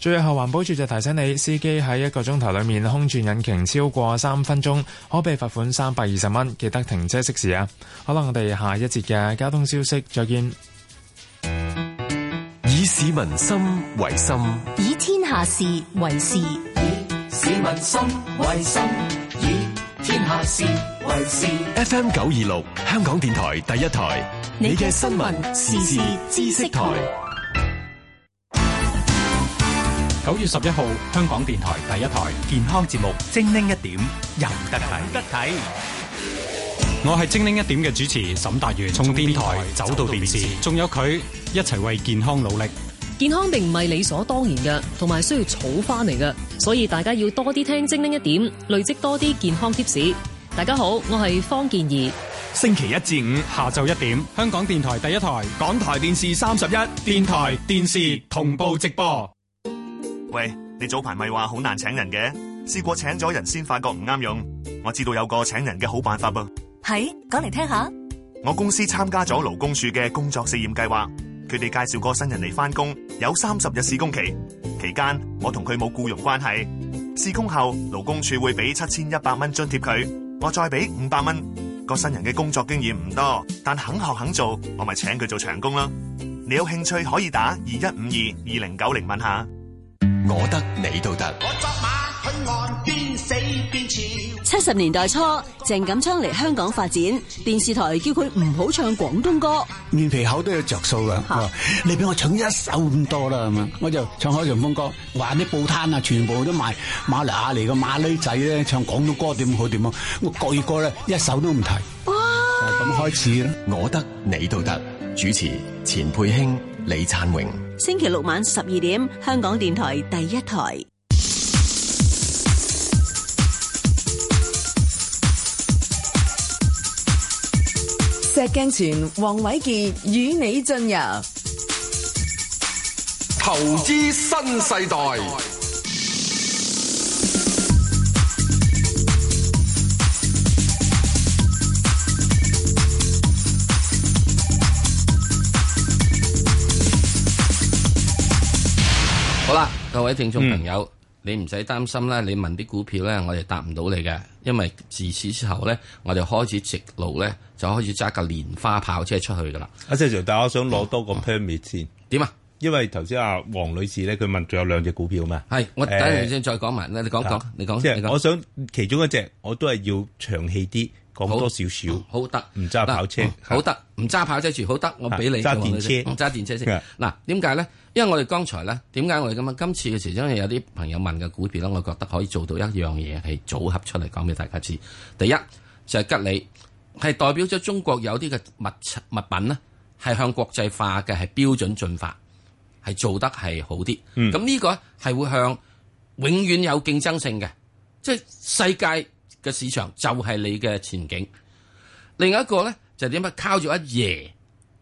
最後環保署就提醒你，司機喺一個鐘頭裏面空轉引擎超過三分鐘，可被罰款三百二十蚊，記得停車熄匙啊！好啦，我哋下一節嘅交通消息再見。以市民心為心，以天下事為事。以市民心為心，以天下事為事。FM 九二六，香港電台第一台，你嘅新聞時事知識台。九月十一號，香港電台第一台健康節目，精靈一點又得睇得睇。我係精靈一點嘅主持沈達如，從電台走到電視，仲有佢一齊為健康努力。健康並唔係理所當然嘅，同埋需要儲翻嚟嘅，所以大家要多啲聽精靈一點，累積多啲健康貼士。大家好，我係方健儀。星期一至五下晝一點，香港電台第一台，港台電視三十一，電台電視同步直播。喂，你早排咪話好難請人嘅，試過請咗人先發覺唔啱用。我知道有個請人嘅好辦法噃。係，講嚟聽下。我公司參加咗勞工處嘅工作試驗計劃，佢哋介紹個新人嚟返工，有三十日試工期。期間我同佢冇僱傭關係。試工後，勞工處會俾七千一百蚊津貼佢，我再俾五百蚊。個新人嘅工作經驗唔多，但肯學肯做，我咪請佢做長工咯。你有興趣可以打二一五二二零九零問下。我得，你都得。我作馬去岸邊四邊七十年代初，鄭錦昌嚟香港發展，電視台叫佢唔好唱廣東歌，面皮厚都要着數噶。你俾我唱一首咁多啦，咁啊，我就唱《海上風歌》。話啲報攤啊，全部都賣馬六甲尼嘅馬騮仔咧，唱廣東歌點好點啊？我國語歌咧，一首都唔提。哇就係咁開始啦， 我得你都得。主持：錢佩卿、李燦榮。星期六晚十二點，香港電台第一台。石鏡泉、黃瑋傑與你進入投資新世代。嗯。好啦，各位聽眾朋友，你唔使擔心啦。你問啲股票咧，我哋答唔到你嘅，因為自此之後咧，我哋開始直路咧。就開始揸架蓮花跑車出去噶啦！阿 Sir，但我想攞多個 permit 先點啊？因為頭先阿黃女士咧，佢問仲有兩隻股票咩？係，我等陣先再講埋。你講講，你講，你講。我想其中一隻，我都係要長氣啲，講多少少。好得，唔揸跑車。好得，唔揸跑車住。好得，我俾你揸電車。揸電車先。嗱，點解咧？因為我哋剛才咧，點解我哋咁樣？今次嘅其中係有啲朋友問嘅股票咧，我覺得可以做到一樣嘢，係組合出嚟講俾大家知。第一就係吉利。係代表咗中國有啲嘅物物品咧，係向國際化嘅係標準進化，係做得係好啲。咁呢、嗯、個係會向永遠有競爭性嘅，即、就、係、是、世界嘅市場就係你嘅前景。另外一個咧就點樣、是、啊？靠咗阿爺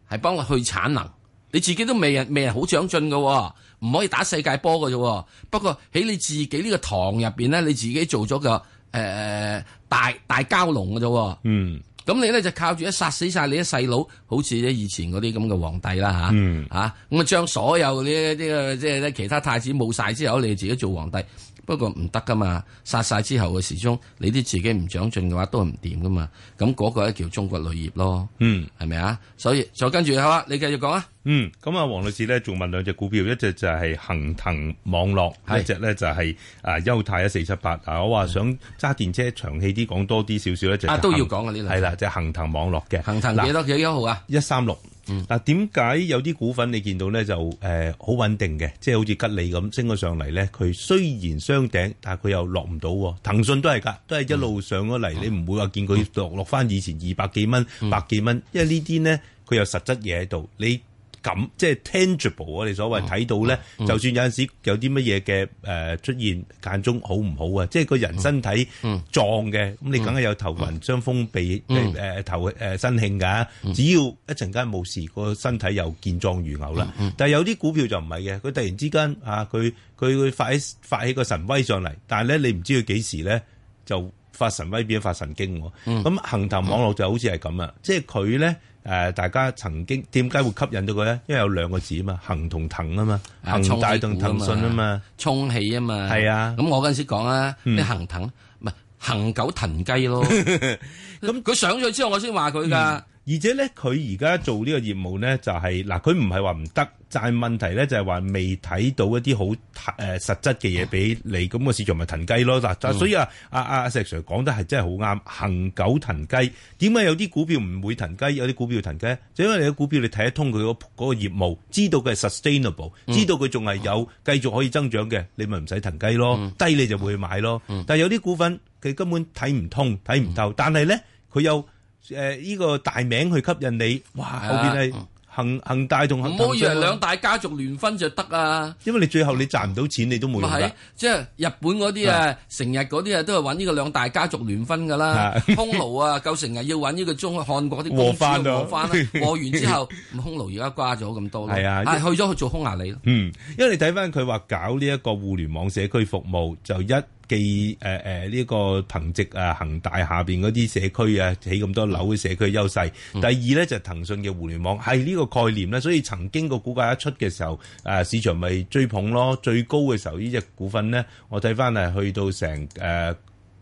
係幫我去產能，你自己都未人未人好長進噶、哦，唔可以打世界波噶啫。不過喺你自己呢個堂入邊咧，你自己做咗個誒、呃、大大蛟龍噶啫。嗯。咁你咧就靠住一，殺死晒你啲細佬，好似咧以前嗰啲咁嘅皇帝啦，吓，嗯，吓，咁啊將所有呢啲啊，即係咧其他太子冇晒之後，你自己做皇帝。不過唔得噶嘛，殺晒之後嘅時鐘，你啲自己唔長進嘅話都係唔掂噶嘛。咁、那、嗰個咧叫中國鋁業咯，係咪、嗯、啊？所以再跟住好啦，你繼續講啊。嗯，咁啊，黃女士咧仲問兩隻股票，一隻就係恒騰網絡，是一隻咧就係啊優泰 8,、嗯、一四七八啊。我話想揸電車長氣啲，講多啲少少一隻啊都要講啊，呢兩係啦，就恒騰網絡嘅恒騰幾多幾多號啊？一三六。嗱，點解、嗯、有啲股份你見到咧就誒好、呃、穩定嘅，即係好似吉利咁升咗上嚟咧，佢雖然雙頂，但係佢又落唔到喎。騰訊都係㗎，都係一路上咗嚟，嗯、你唔會話見佢落落翻以前二百幾蚊、嗯、百幾蚊，因為呢啲咧佢有實質嘢喺度，你。咁即係、就是、tangible，我哋所謂睇到咧，啊嗯、就算有陣時有啲乜嘢嘅誒出現、呃、間中好唔好啊？即係個人身體壯嘅，咁你梗係有頭暈、傷風、鼻、呃、誒頭誒身興㗎。只要一陣間冇事，個身體又健壯如牛啦。但係有啲股票就唔係嘅，佢突然之間啊，佢佢佢發起發起個神威上嚟，但係咧你唔知佢幾時咧就發神威變咗發神經。咁、啊、恆騰網絡就好似係咁啊，即係佢咧。誒、呃，大家曾經點解會吸引到佢咧？因為有兩個字啊嘛，恆同騰啊嘛，恆大同騰訊啊嘛，充氣啊起嘛。係啊，咁、嗯、我嗰陣時講啊，咩恆騰唔係恆狗騰雞咯。咁佢、 嗯、上咗之後我，我先話佢㗎。而且咧，佢而家做呢個業務咧，就係、是、嗱，佢唔係話唔得，但係問題咧就係話未睇到一啲好誒實質嘅嘢俾你，咁個市場咪騰雞咯。嗱、嗯，所以啊，阿阿阿石 Sir 講得係真係好啱，恒久騰雞。點解有啲股票唔會騰雞，有啲股票騰雞？就是、因為你嘅股票你睇得通佢嗰嗰個業務，知道佢係 sustainable，、嗯、知道佢仲係有繼續可以增長嘅，你咪唔使騰雞咯。嗯、低你就會去買咯。但係有啲股份佢根本睇唔通，睇唔透，但係咧佢有。誒，呢個大名去吸引你，哇！後邊係恒恒大仲恒大，唔好以為兩大家族聯婚就得啊！因為你最後你賺唔到錢，你都冇啦。咪係，即係日本嗰啲啊，成日嗰啲啊都係搵呢個兩大家族聯婚噶啦，匈奴啊，夠成日要搵呢個中漢國啲和番咯，和完之後，咁匈奴而家掛咗咁多，係啊，去咗去做匈牙利咯。嗯，因為你睇翻佢話搞呢一個互聯網社區服務，就一。既誒誒呢個騰職啊，恒大下邊嗰啲社區啊，起咁多樓嘅社區優勢。嗯、第二咧就係、騰訊嘅互聯網係呢個概念啦，所以曾經個股價一出嘅時候，誒、呃、市場咪追捧咯。最高嘅時候呢隻、這個、股份咧，我睇翻係去到成誒。呃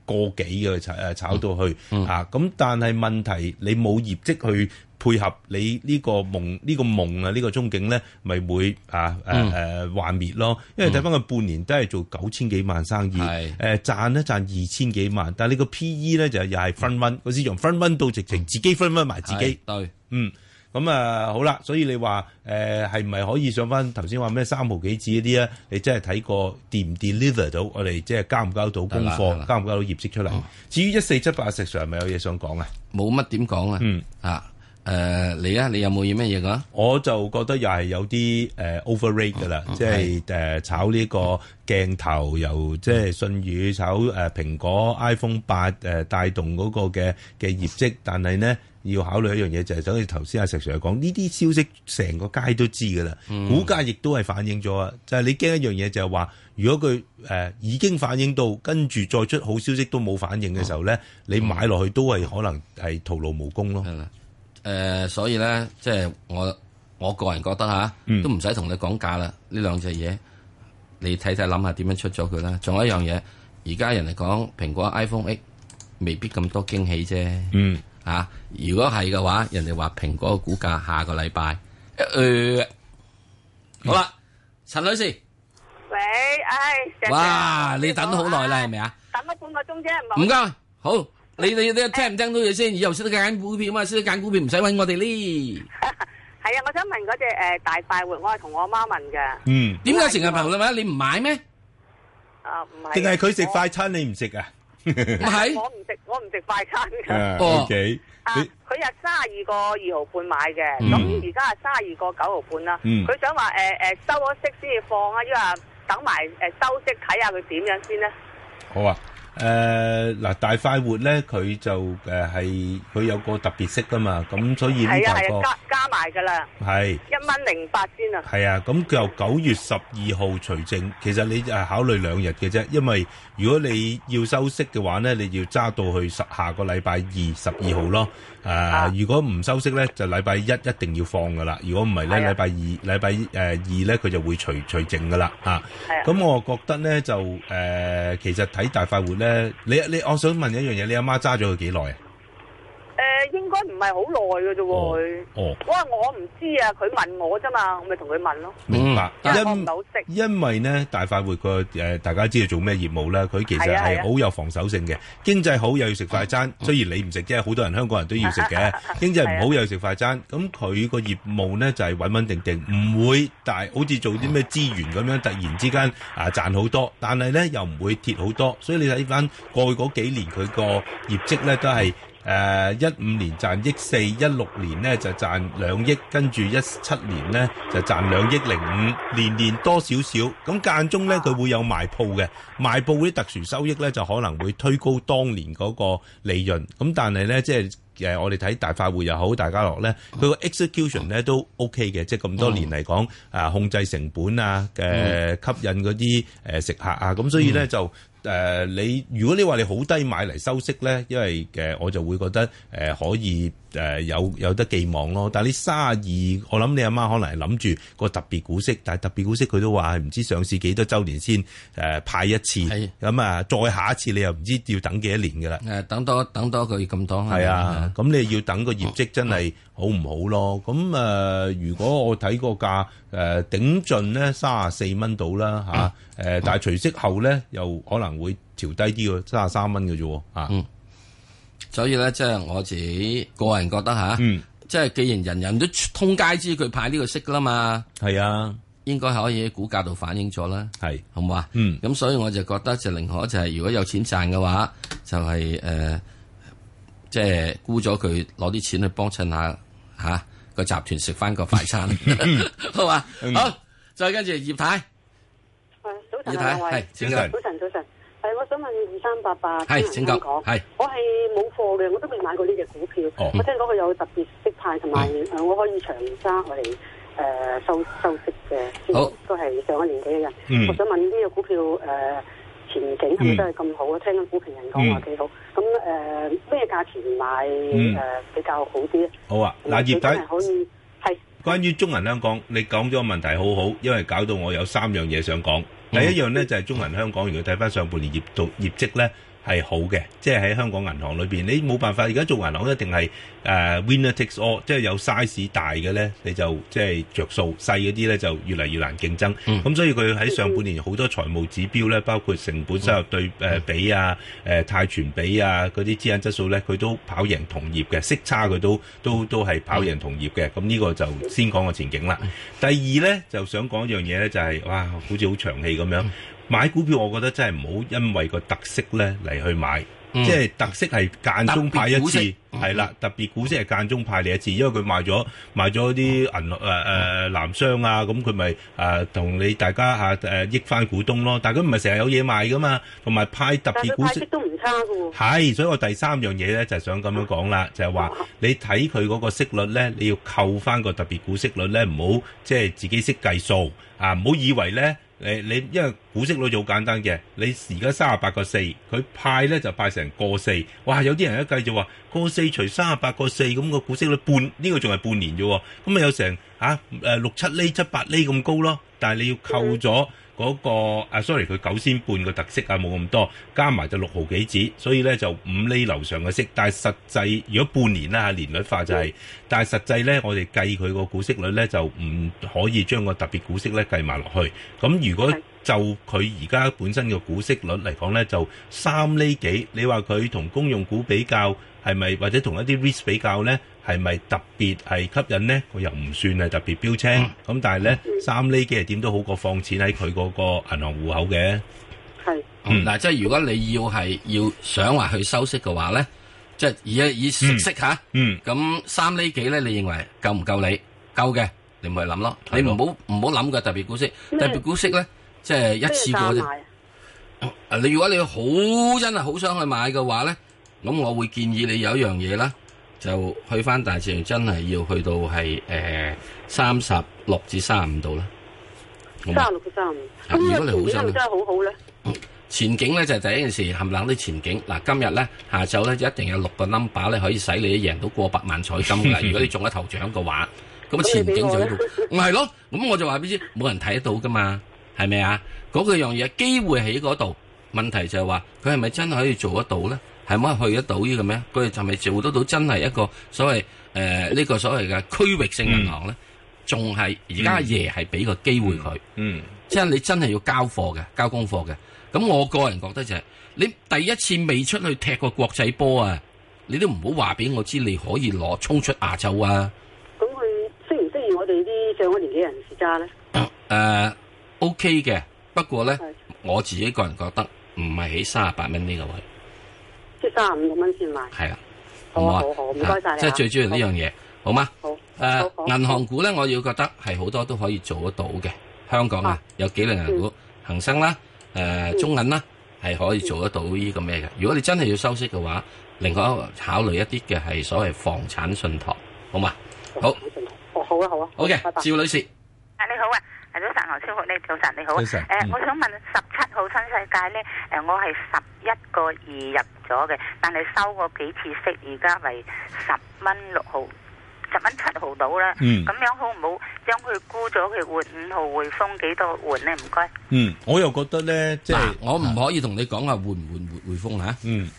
過幾嘅炒誒炒到去，嗯、啊！咁但係問題你冇業績去配合你呢個夢呢，這個夢啊呢個憧憬咧，咪會啊誒誒幻滅咯！因為睇翻佢半年都係做九千幾萬生意，誒賺咧賺二千幾萬，但係你個 P E 咧就又係分蚊，個市場分蚊到直情自己分蚊埋自己。對，嗯。咁啊、嗯，好啦，所以你話誒係咪可以上翻頭先話咩三毫幾紙嗰啲啊？你真係睇過掂唔 deliver 到我？我哋即係交唔交到功課，交唔交到業績出嚟？嗯、至於一四七八阿 Sir 係咪有嘢想講啊？冇乜點講啊？啊誒，你啊，你，你有冇要咩嘢噶？我就覺得又係有啲誒 overrate 噶啦，嗯 okay、即係誒炒呢個鏡頭，嗯、由即係信譽炒誒蘋果 iPhone 八誒帶動嗰個嘅嘅業績，但係呢。要考慮一樣嘢就係，等於頭先阿石 Sir 講，呢啲消息成個街都知㗎啦，股價亦都係反映咗啊。就係、是、你驚一樣嘢就係、是、話，如果佢誒、呃、已經反映到，跟住再出好消息都冇反應嘅時候咧，啊、你買落去都係可能係徒勞無功咯。係啦，誒、呃，所以咧，即係我我個人覺得吓、啊，都唔使同你講價啦。呢兩隻嘢，你睇睇諗下點樣出咗佢啦。仲有一樣嘢，而家人嚟講，蘋果 iPhone X 未必咁多驚喜啫。嗯。啊！如果係嘅話，人哋話蘋果嘅股價下個禮拜，好啦，陳女士，喂，唉，哇，你等咗好耐啦，係咪啊？等咗半個鐘啫，唔該，好，你你聽唔聽到嘢先？以後識得揀股票嘛？識得揀股票唔使揾我哋呢。係啊，我想問嗰隻誒大快活，我係同我媽問噶。嗯。點解成日問你買，你唔買咩？啊，唔係。定係佢食快餐，你唔食啊？唔係 是，我唔食，我唔食快餐噶。自己啊，佢係卅二個二毫半買嘅，咁而家係卅二個九毫半啦。佢、mm. 想話誒誒收咗息先至放啊，因為等埋誒、呃、收息睇下佢點樣先咧。好啊。誒嗱大快活咧，佢就誒係佢有個特別息噶嘛，咁所以咧呢個，係啊，係加加埋噶啦，係一蚊零八先啊，係啊，咁佢由九月十二號除淨，其實你係考慮兩日嘅啫，因為如果你要收息嘅話咧，你要揸到去十下個禮拜二十二號咯。誒、啊，如果唔收息咧，就禮拜一一定要放嘅啦。如果唔係咧，禮拜的二、禮拜誒二咧，佢就會除除淨嘅啦。嚇，咁、啊的嗯、我覺得咧就誒、呃，其實睇大快活咧，你你，我想問一樣嘢，你阿媽揸咗佢幾耐啊？應該唔係好耐嘅啫喎，我話我唔知啊，佢問我啫嘛，我咪同佢問咯。明白，因為、嗯、因為咧大快活個誒，大家知道做咩業務咧，佢其實係好有防守性嘅。啊啊、經濟好又要食快餐，嗯嗯、雖然你唔食，即係好多人香港人都要食嘅。 經濟唔好、啊、又要食快餐，咁佢個業務呢就係、是、穩穩定定，唔會但好似做啲咩資源咁樣突然之間啊賺好多，但係呢又唔會貼好多。所以你睇翻過去嗰幾年佢個業績呢都係。誒一五年賺億四，一六年呢就賺兩億，跟住一七年呢就賺兩億零五，年年多少少。咁間中呢，佢會有賣鋪嘅，賣鋪嗰啲特殊收益呢，就可能會推高當年嗰個利潤。咁但係呢，即係誒、呃、我哋睇大快活又好，大家樂呢，佢個 execution 呢都 OK 嘅，即係咁多年嚟講，啊控制成本啊嘅、啊、吸引嗰啲誒食客啊，咁所以呢，嗯、就。誒、呃、你如果你話你好低買嚟收息咧，因為誒、呃、我就會覺得誒、呃、可以。誒有有得寄望咯，但係你三廿二，我諗你阿媽可能係諗住個特別股息，但係特別股息佢都話係唔知上市幾多周年先誒派一次，咁啊的再下一次你又唔知要等幾多年嘅啦。誒，等多等多佢咁多係啊，咁你要等個業績真係好唔好咯？咁誒，如果我睇個價誒頂盡咧三廿四蚊到啦嚇，誒但係除息後咧又可能會調低啲嘅三廿三蚊嘅啫喎啊。.所以咧，即係我自己個人覺得吓，即係既然人人都通街知，佢派呢個息噶啦嘛，係啊，應該可以喺股價度反映咗啦，係，好唔好啊？嗯，咁所以我就覺得就寧可就係，如果有錢賺嘅話，就係誒，即係沽咗佢，攞啲錢去幫襯下吓個集團食翻個快餐，好嘛？好，再跟住葉太，係早晨，葉太係早早晨，早晨。誒，我想問二三八八中銀香港，係我係冇貨嘅，我都未買過呢隻股票。哦、我聽講佢有特別息派，同埋誒，我可以長揸嚟誒收收息嘅。好都係上咗年紀嘅人，嗯、我想問呢隻股票誒、呃、前景係係、嗯，咪真係咁好啊？聽股評人講話幾、嗯、好，咁誒咩價錢買誒比較好啲咧、嗯？好啊，嗱，月底可以係。關於中銀香港，你講咗個問題好好，因為搞到我有三樣嘢想講。嗯、第一樣咧、嗯、就係中銀、嗯、香港，如果睇翻上半年業度業績咧。係好嘅，即係喺香港銀行裏邊，你冇辦法。而家做銀行一定係誒、uh, winner takes all，即係有 size 大嘅咧，你就即係着數；細嗰啲咧就越嚟越難競爭。咁、嗯、所以佢喺上半年好多財務指標咧，包括成本收入對誒比啊、誒、呃、貸存比啊嗰啲資產質素咧，佢都跑贏同業嘅息差，佢都都都係跑贏同業嘅。咁呢、嗯、個就先講個前景啦。嗯、第二咧就想講一樣嘢咧，就係哇，好似好長氣咁樣。買股票我覺得真係唔好，因為個特色咧嚟，去買，即係特色係間中派一次，係啦，特別股息係間中派你一次，因為佢賣咗，賣咗啲銀誒、誒、南商啊，咁佢咪誒同你大家吓誒益翻股東咯。但係佢唔係成日有嘢賣噶嘛，同埋派特別股息都唔差嘅喎。係，所以我第三樣嘢咧就係想咁樣講啦，就係話你睇佢嗰個息率咧，你要扣翻個特別股息率咧，唔好即係自己識計數啊，唔好以為咧。你你因為股息率就好簡單嘅，你而家三十八個四，佢派咧就派成個四，哇！有啲人一計就話個四除三十八個四，咁個股息率半呢、呢個仲係半年啫，咁啊有成嚇誒六七厘、七八厘咁高咯，但係你要扣咗。嗰個啊，sorry，佢九仙半個特色啊，冇咁多加埋就六毫幾紙，所以咧就五厘樓上嘅息。但係實際如果半年啦，年率化就係，但係實際咧，我哋計佢個股息率咧就唔可以將個特別股息咧計埋落去。咁如果就佢而家本身嘅股息率嚟講咧，就三厘幾。你話佢同公用股比較係咪，或者同一啲 risk 比較咧？係咪特別係吸引咧？佢又唔算係特別標青咁，但係咧三厘幾係點都好過放錢喺佢嗰個銀行戶口嘅。係，嗱，即係如果你要係要想話去收息嘅話咧，即係以以息息嚇，嗯，咁三厘幾咧，你認為夠唔夠你？夠嘅，你咪諗咯。你唔好唔好諗嘅特別股息，特別股息咧，即係一次過啫。你如果你好真係好想去買嘅話咧，咁我會建議你有一樣嘢啦。就去翻大自然，真係要去到係誒三十六至三十五度啦。三十六至三十五。如果你好想咧，真係好好咧。前景咧就第一件事，冚冷啲前景。嗱、啊，今日咧，下晝咧一定有六個 number 咧，可以使你贏到過百萬彩金噶。 如果你中咗頭獎嘅話，咁前景就喺度。唔係咯，咁、嗯、我就話俾你知，冇人睇得到噶嘛，係咪啊？嗰、那個樣嘢機會喺嗰度，問題就係話佢係咪真係可以做得到咧？係咪去得到呢個咩？佢哋就未做得到真係一個所謂誒呢個所謂嘅區域性銀行咧？仲係而家阿爺係俾個機會佢，嗯嗯、即係你真係要交貨嘅，交功課嘅。咁我個人覺得就係、是、你第一次未出去踢過國際波啊，你都唔好話俾我知你可以攞衝出亞洲啊！咁佢適唔適意我哋啲上咗年紀人士揸咧？誒、嗯嗯、，OK 嘅，不過咧，的我自己個人覺得唔係喺卅八蚊呢個位。三十五蚊先買。係啊，好好好，唔該晒你。即係最主要呢樣嘢，好嘛？好，誒，銀行股咧，我要覺得係好多都可以做得到嘅。香港啊，有幾類銀行股，恒生啦，誒，中銀啦，係可以做得到呢個咩嘅？如果你真係要收息嘅話，另外考慮一啲嘅係所謂房產信託，好嘛？好，好啊，好啊，OK，趙女士，啊，你好啊。早晨，劉師傅，你早晨你好。早、yes, sir. mm. 呃、我想問十七號新世界咧，誒、呃，我係十一個二入咗嘅，但係收過幾次息，而家為十蚊六毫，十蚊七毫到啦。嗯，咁樣好唔好將佢沽咗佢換五號匯豐幾多換咧？唔該。嗯，mm. 我又覺得咧，即係、啊、我唔可以同你講啊，換唔換換匯豐嚇。嗯。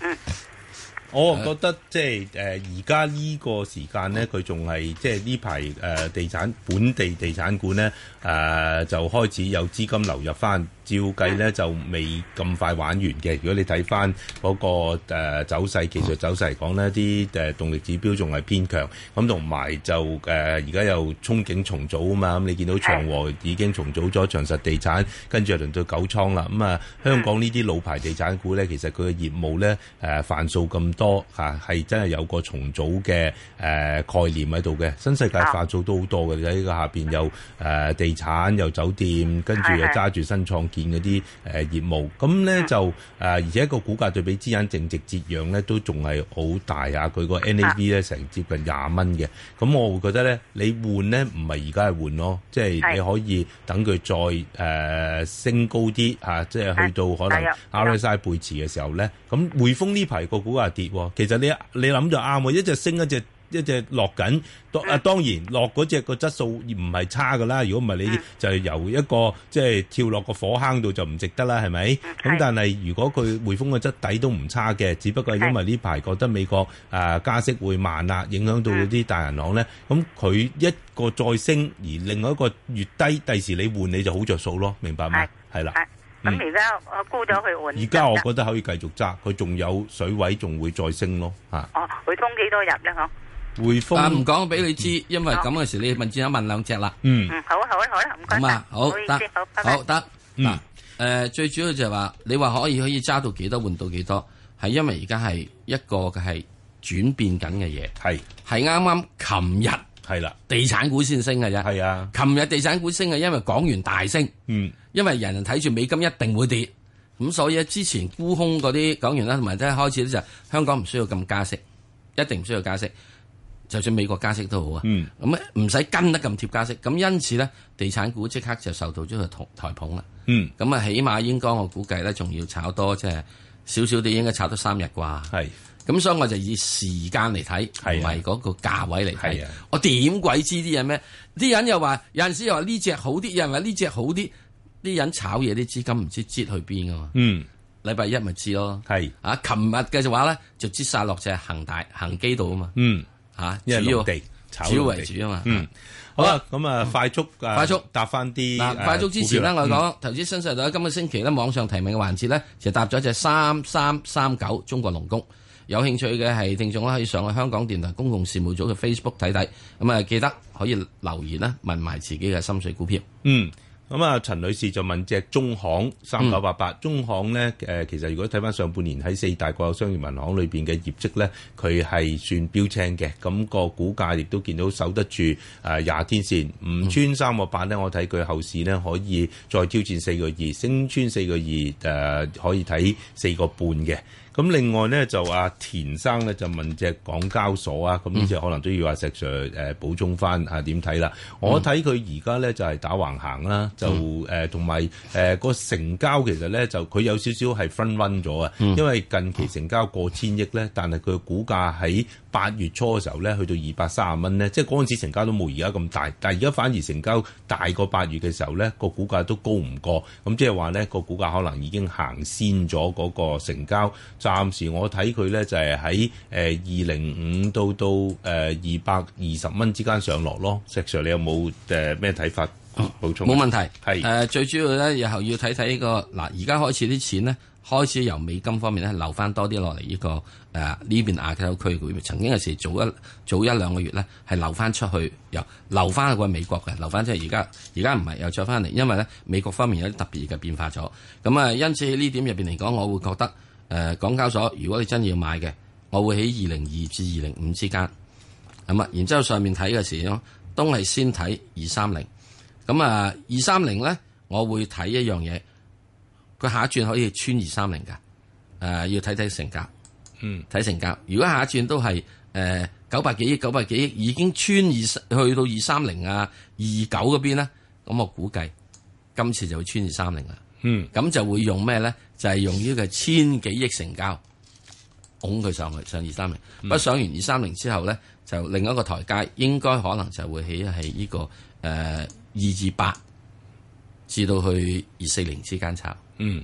我、oh, 覺得即係誒而家呢個時間咧，佢仲係即係呢排誒地產本地地產股咧誒、呃、就開始有資金流入翻，照計咧就未咁快玩完嘅。如果你睇翻嗰個誒、呃、走勢技術走勢嚟講咧，啲誒動力指標仲係偏強，咁同埋就誒而家又憧憬重組啊嘛，咁你見到長和已經重組咗長實地產，跟住輪到九倉啦。咁、嗯、啊，香港呢啲老牌地產股咧，其實佢嘅業務咧誒範數咁多。多嚇係真係有個重組嘅誒概念喺度嘅，新世界化組都好多嘅喺個下邊有誒地產，有酒店，跟住又揸住新創建嗰啲誒業務是是，咁咧就誒而且個股價對比資產淨值接讓咧都仲係好大啊！佢個 NAV 咧成接近廿蚊嘅，咁我會覺得咧你換咧唔係而家係換咯，即係你可以等佢再誒升高啲嚇，即係去到可能 r s i 背 g 嘅時候咧，咁匯豐呢排個股價跌。其實你你諗就啱喎，一隻升一隻一隻落緊。當啊當然落嗰隻個質素唔係差嘅啦。如果唔係你就由一個即係跳落個火坑度就唔值得啦，係咪？咁但係如果佢匯豐嘅質底都唔差嘅，只不過因為呢排覺得美國啊加息會慢啊，影響到啲大銀行咧。咁佢一個再升，而另外一個越低，第時你換你就好著數咯，明白嗎？係啦。咁而家我沽咗去換，而家我覺得可以繼續揸，佢仲有水位，仲會再升咯吓。哦，匯豐幾多日呢？嗬，匯豐唔講俾你知，因為咁嗰時你問隻手問兩隻啦。嗯嗯，好啊好啊好啊，唔該。咁啊好得好得，嗱誒，最主要就係話你話可以可以揸到幾多換到幾多，係因為而家係一個係轉變緊嘅嘢，係係啱啱琴日。係啦，地產股先升嘅啫。係啊的，琴日地產股升嘅，因為港元大升。嗯，因為人人睇住美金一定會跌，咁所以之前沽空嗰啲港元啦，同埋即係開始咧就香港唔需要咁加息，一定唔需要加息，就算美國加息都好啊。嗯，咁唔使跟得咁貼加息，咁因此咧地產股即刻就受到咗個台捧啦。嗯，咁啊起碼應該我估計咧，仲要炒多即係少少啲，就是，小小應該炒多三日啩。係。咁所以我就以時間嚟睇，唔係嗰個價位嚟睇。我點鬼知啲嘢咩？啲人又話，有陣時又話呢隻好啲，有人話呢隻好啲。啲人炒嘢啲資金唔知擠去邊噶嘛？嗯，禮拜一咪知咯。係啊，琴日嘅就話咧，就擠晒落隻恒大恒基度啊嘛。嗯，嚇，主要地炒地主要為主啊嘛。嗯，好啦，咁啊，快速快速搭翻啲。快速之前咧，我哋講投資新世代。今個星期咧網上提名嘅環節咧，就搭咗隻三三三九中國龍工。有興趣嘅係聽眾可以上去香港電台公共事務組嘅 Facebook 睇睇，咁、嗯、啊記得可以留言啦，問埋自己嘅心水股票。嗯，咁啊陳女士就問隻中行三九八八，嗯、中行呢，誒，其實如果睇翻上半年喺四大國有商業銀行裏邊嘅業績呢，佢係算標青嘅，咁、咁個股價亦都見到守得住誒廿、呃、天線，唔穿三個板呢，我睇佢後市呢，可以再挑戰四個二，升穿四個二誒、呃、可以睇四個半嘅。咁另外呢，就阿田生呢，就問隻港交所啊，咁呢、嗯、次可能都要阿石 Sir 誒補充翻啊點睇啦？嗯、我睇佢而家呢，就係打橫行啦，嗯、就誒同埋誒個成交其實呢，就佢有少少係 front run 咗啊，嗯、因為近期成交過千億呢，但係佢股價喺八月初嘅時候呢，去到二百三十蚊呢。即係嗰陣時成交都冇而家咁大，但係而家反而成交大過八月嘅時候呢，個股價都高唔過，咁即係話呢，個股價可能已經行先咗嗰個成交。暫時我睇佢咧就係喺誒二零五到到誒二百二十蚊之間上落咯。石 Sir，你有冇誒咩睇法？補充冇問題。係誒是、呃、最主要咧，以後要睇睇呢個嗱，而家開始啲錢咧，開始由美金方面咧流返多啲落嚟呢個誒呢、呃、邊亞洲區。曾經有時早一早一兩個月咧，係流返出去，又流返去個美國嘅，流返出去。而家而家唔係又再翻嚟，因為咧美國方面有啲特別嘅變化咗。咁啊，因此呢點入面嚟講，我會覺得。誒、呃，港交所，如果你真要買嘅，我會喺二零二至二零五之間，咁啊，然之後上面睇嘅時候，都係先睇二三零。咁啊，二三零咧，我會睇一樣嘢，佢下一轉可以穿二三零噶。誒、呃，要睇睇成交。嗯，睇成交，如果下一轉都係誒九百幾億、九百幾億，已經穿二去到二三零啊、二九嗰邊啦，咁我估計今次就會穿二三零啦。嗯，咁就會用咩咧？就係、是、用呢個千幾億成交，拱佢上去上二三零。嗯、不過上完二三零之後咧，就另一個台階，應該可能就會起係呢、這個誒二二八，呃、至到去二四零之間炒。嗯。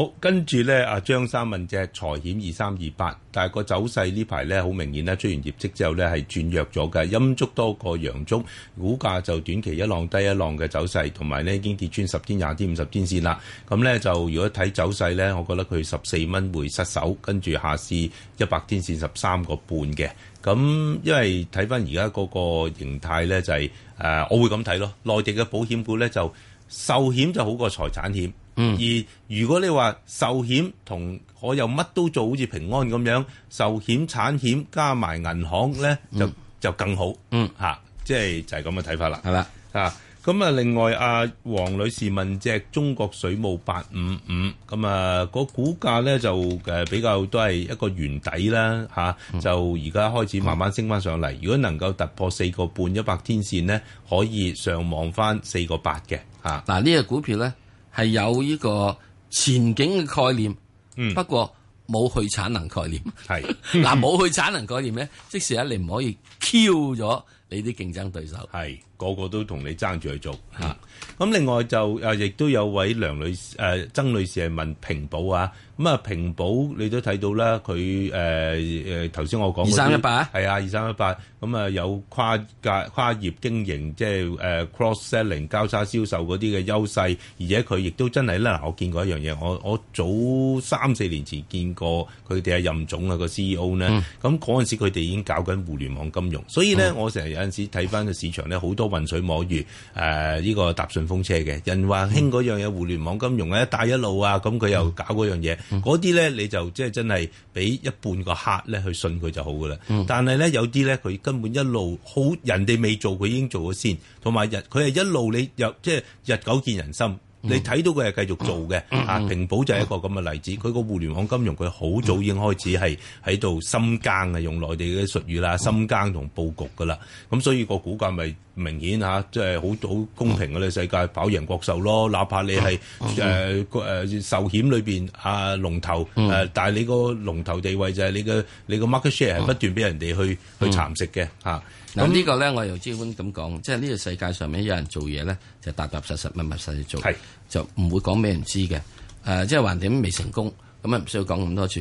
好，跟住咧，阿張生問隻財險二三二八，但係個走勢呢排咧，好明顯咧，出完業績之後咧係轉弱咗嘅，陰燭多過陽燭，股價就短期一浪低一浪嘅走勢，同埋咧已經跌穿十天、廿天、五十天線啦。咁咧就如果睇走勢咧，我覺得佢十四蚊會失守，跟住下試一百天線十三個半嘅。咁因為睇翻而家嗰個形態咧，就係、是、誒、呃、我會咁睇咯。內地嘅保險股咧就壽險就好過財產險。嗯、而如果你話壽險同我又乜都做，好似平安咁樣，壽險、產險加埋銀行咧，就就更好吓，即係就係咁嘅睇法啦。係啦啊，咁、就是、吧啊，另外阿黃女士問隻中國水務八五五咁啊，個股價咧就誒比較都係一個圓底啦吓，啊嗯、就而家開始慢慢升翻上嚟。嗯、如果能夠突破四個半一百天線咧，可以上望翻四個八嘅吓。嗱，呢隻股票咧。係有呢個前景嘅概念，嗯、不過冇去產能概念。係嗱是，冇 去產能概念咧，即時咧你唔可以 Q 咗你啲競爭對手。係個個都同你爭住去做。咁、嗯是嗯、另外就誒，亦都有位梁女士、誒、呃、曾女士係問平保啊。咁啊，平保你都睇到啦，佢誒誒頭先我講二三一八，係啊，二三一八。咁啊，有跨界跨業經營，即係誒 cross selling 交叉銷售嗰啲嘅優勢。而且佢亦都真係咧，我見過一樣嘢，我我早三四年前見過佢哋嘅任總啊個 CEO 呢。咁嗰陣時佢哋已經搞緊互聯網金融，所以呢，我成日有陣時睇翻個市場咧，好多混水摸魚誒呢個搭順風車嘅。人話興嗰樣嘢，互聯網金融啊，一帶一路啊，咁佢又搞嗰樣嘢。嗰啲咧你就即係真係俾一半個客咧去信佢就好噶啦，嗯、但係咧有啲咧佢根本一路好，人哋未做佢已經做咗先，同埋日佢係一路，你又即係日久見人心。你睇到佢係繼續做嘅，啊、嗯，嗯嗯、平保就係一個咁嘅例子。佢個、嗯、互聯網金融佢好早已經開始係喺度深耕嘅，用內地嘅術語啦，深耕同佈局噶啦。咁所以個股價咪明顯嚇，即係好好公平嘅你、嗯、世界跑贏國壽咯，哪怕你係誒誒壽險裏邊啊龍頭誒、啊，但係你個龍頭地位就係你嘅你個 market share 係不斷俾人哋去去蠶食嘅嚇。嗯嗯嗯嗱咁呢個咧，我又知係咁講，即係呢個世界上面有人做嘢咧，就踏踏實實、密密實實做，就唔會講咩人知嘅。誒，即係橫掂未成功，咁啊唔需要講咁多住。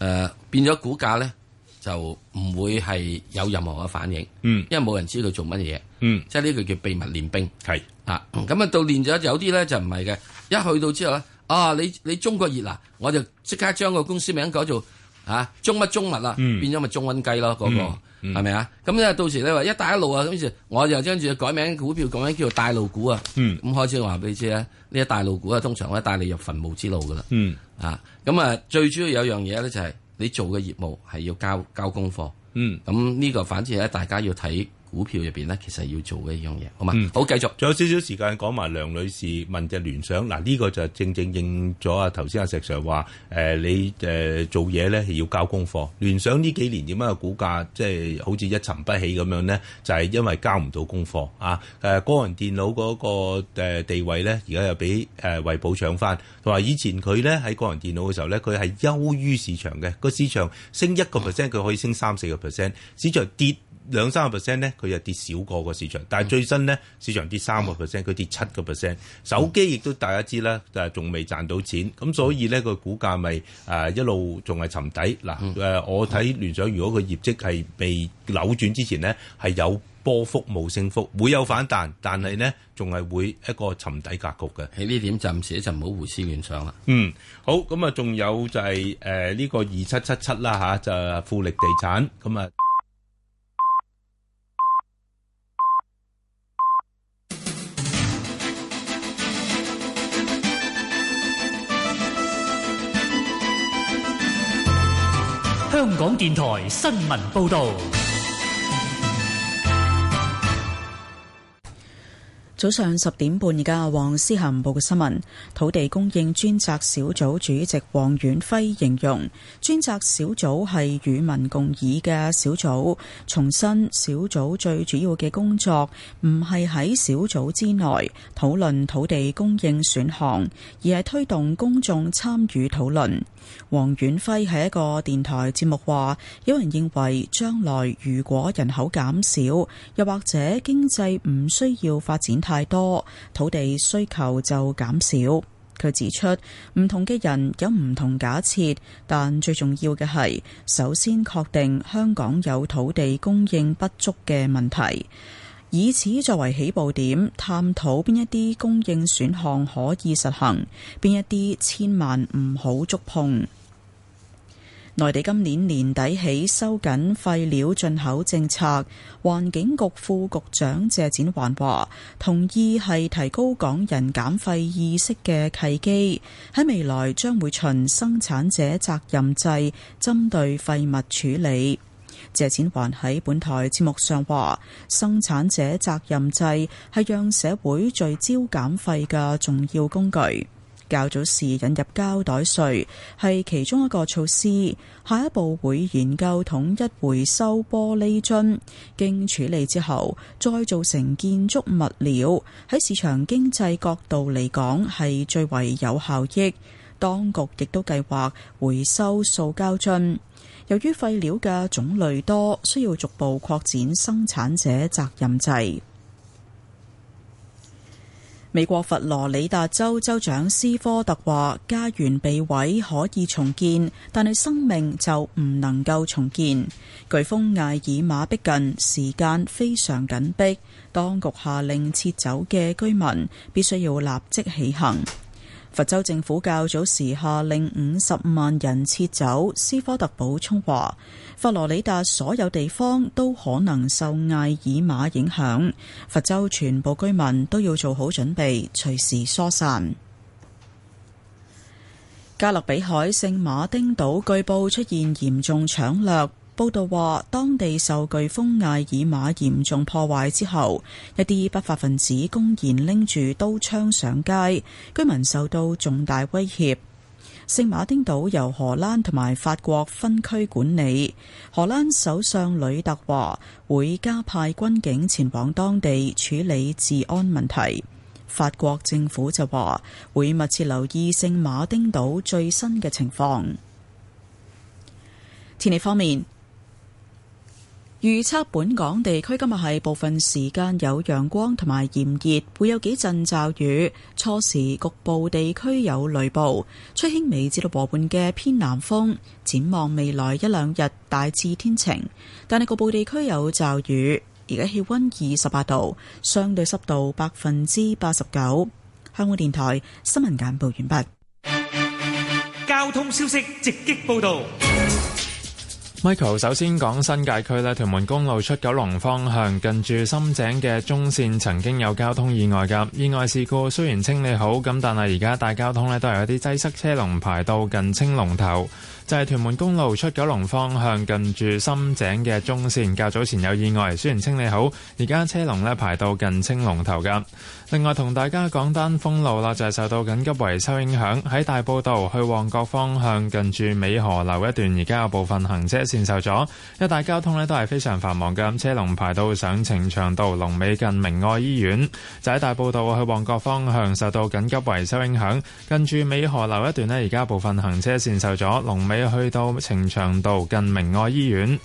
誒，變咗股價咧，就唔會係有任何嘅反應。嗯，因為冇人知道做乜嘢。嗯，即係呢個叫秘密練兵。係啊，咁啊到練咗，有啲咧就唔係嘅。一去到之後咧，啊你你中國熱嗱，我就即刻將個公司名改做啊中乜中物啊，變咗咪中溫雞咯嗰個係咪啊？咁、嗯、咧，到時你話一帶一路啊，咁時我就將住改名股票，改名叫做大路股啊。咁、嗯、開始話俾你知咧，呢一大路股啊，通常我帶你入墳墓之路噶啦。啊，咁啊，最主要有一樣嘢咧、就是，就係你做嘅業務係要交交功課。咁呢、嗯嗯、個反正咧，大家要睇。股票入邊咧，其實要做嘅一樣嘢，好嘛？嗯，好，繼續，仲有少少時間講埋梁女士問隻聯想嗱，呢、這個就正正應咗啊頭先阿石 Sir 話誒、呃，你誒、呃、做嘢咧要交功課。聯想呢幾年點解個股價即係好似一沉不起咁樣呢？就係、是、因為交唔到功課啊！誒，個人電腦嗰個地位咧，而家又俾誒惠普搶翻，同埋以前佢咧喺個人電腦嘅時候咧，佢係優於市場嘅，個市場升一個 percent 佢可以升三四個 percent，市場跌，兩三個 percent 咧，佢又跌少過個市場，但係最新咧，市場跌三個 percent，佢跌七個 percent。手機亦都大家知啦，就係仲未賺到錢，咁所以咧個股價咪誒一路仲係沉底。嗱誒、嗯呃，我睇聯想，如果個業績係未扭轉之前咧，係有波幅冇升幅，會有反彈，但係咧仲係會一個沉底格局嘅。喺呢點暫時咧就唔好胡思亂想啦。嗯，好，咁、就是呃這個、啊，仲有就係誒呢個二七七七啦吓，就係富力地產咁啊。香港電台新聞報道，早上十點半，而家黃思涵報嘅新聞。土地供應專責小組主席黃遠輝形容，專責小組係與民共議嘅小組，重申小組最主要嘅工作唔係喺小組之內討論土地供應選項，而係推動公眾參與討論。黃遠輝喺一個電台節目話，有人認為將來如果人口減少，又或者經濟唔需要發展太多，土地需求就減少。佢指出，唔同嘅人有唔同假設，但最重要嘅係，首先確定香港有土地供應不足嘅問題。以此作為起步點，探討邊一啲供應選項可以實行，邊一啲千萬唔好觸碰。內地今年年底起收緊廢料進口政策，環境局副局長謝展寰話：同意係提高港人減廢意識嘅契機，喺未來將會循生產者責任制針對廢物處理。謝展寰喺本台節目上話，生產者責任制係讓社會聚焦減廢嘅重要工具。較早時引入膠袋稅係其中一個措施，下一步會研究統一回收玻璃樽，經處理之後再造成建築物料。喺市場經濟角度嚟講係最為有效益。當局亦都計劃回收塑膠樽。由於廢料嘅種類多，需要逐步擴展生產者責任制。美國佛羅里達州州長斯科特話：家園被毀可以重建，但係生命就唔能夠重建。颶風艾爾瑪逼近，時間非常緊迫，當局下令撤走嘅居民必須要立即起行。佛州政府較早時下令五十萬人撤走。斯科特補充話：佛羅里達所有地方都可能受艾爾瑪影響，佛州全部居民都要做好準備，隨時疏散。加勒比海聖馬丁島據報出現嚴重搶掠。報道話，當地受颶風艾爾瑪嚴重破壞之後，一啲不法分子公然拎住刀槍上街，居民受到重大威脅。聖馬丁島由荷蘭同埋法國分區管理，荷蘭首相呂特話會加派軍警前往當地處理治安問題。法國政府就話會密切留意聖馬丁島最新嘅情況。天氣方面。預測本港地區今日係部分時間有陽光同埋炎熱，會有幾陣驟雨，初時局部地區有雷暴，吹輕微至到和緩嘅偏南風。展望未來一兩日大致天晴，但係局部地區有驟雨。而家氣溫二十八度，相對濕度百分之八十九。香港電台新聞簡報完畢。交通消息直擊報道。Michael，首先講新界區呢，屯門公路出九龍方向近住深井嘅中線曾經有交通意外嘅意外事故，雖然清理好，咁但係而家大交通呢都係有啲擠塞，車龍排到近青龍頭，就係、是、屯門公路出九龍方向近住深井嘅中線，較早前有意外，雖然清理好，而家車龍呢排到近青龍頭噶。另外同大家講單封路啦，就係、是、受到緊急維修影響，喺大埔道去旺角方向近住美河樓一段，而家有部分行車線受阻。一帶交通呢，都係非常繁忙嘅，咁車龍排到上呈祥道龍尾，近明愛醫院。就喺大埔道去旺角方向受到緊急維修影響，近住美河樓一段呢，而家部分行車線受阻，龍尾去到呈祥道近明愛醫院。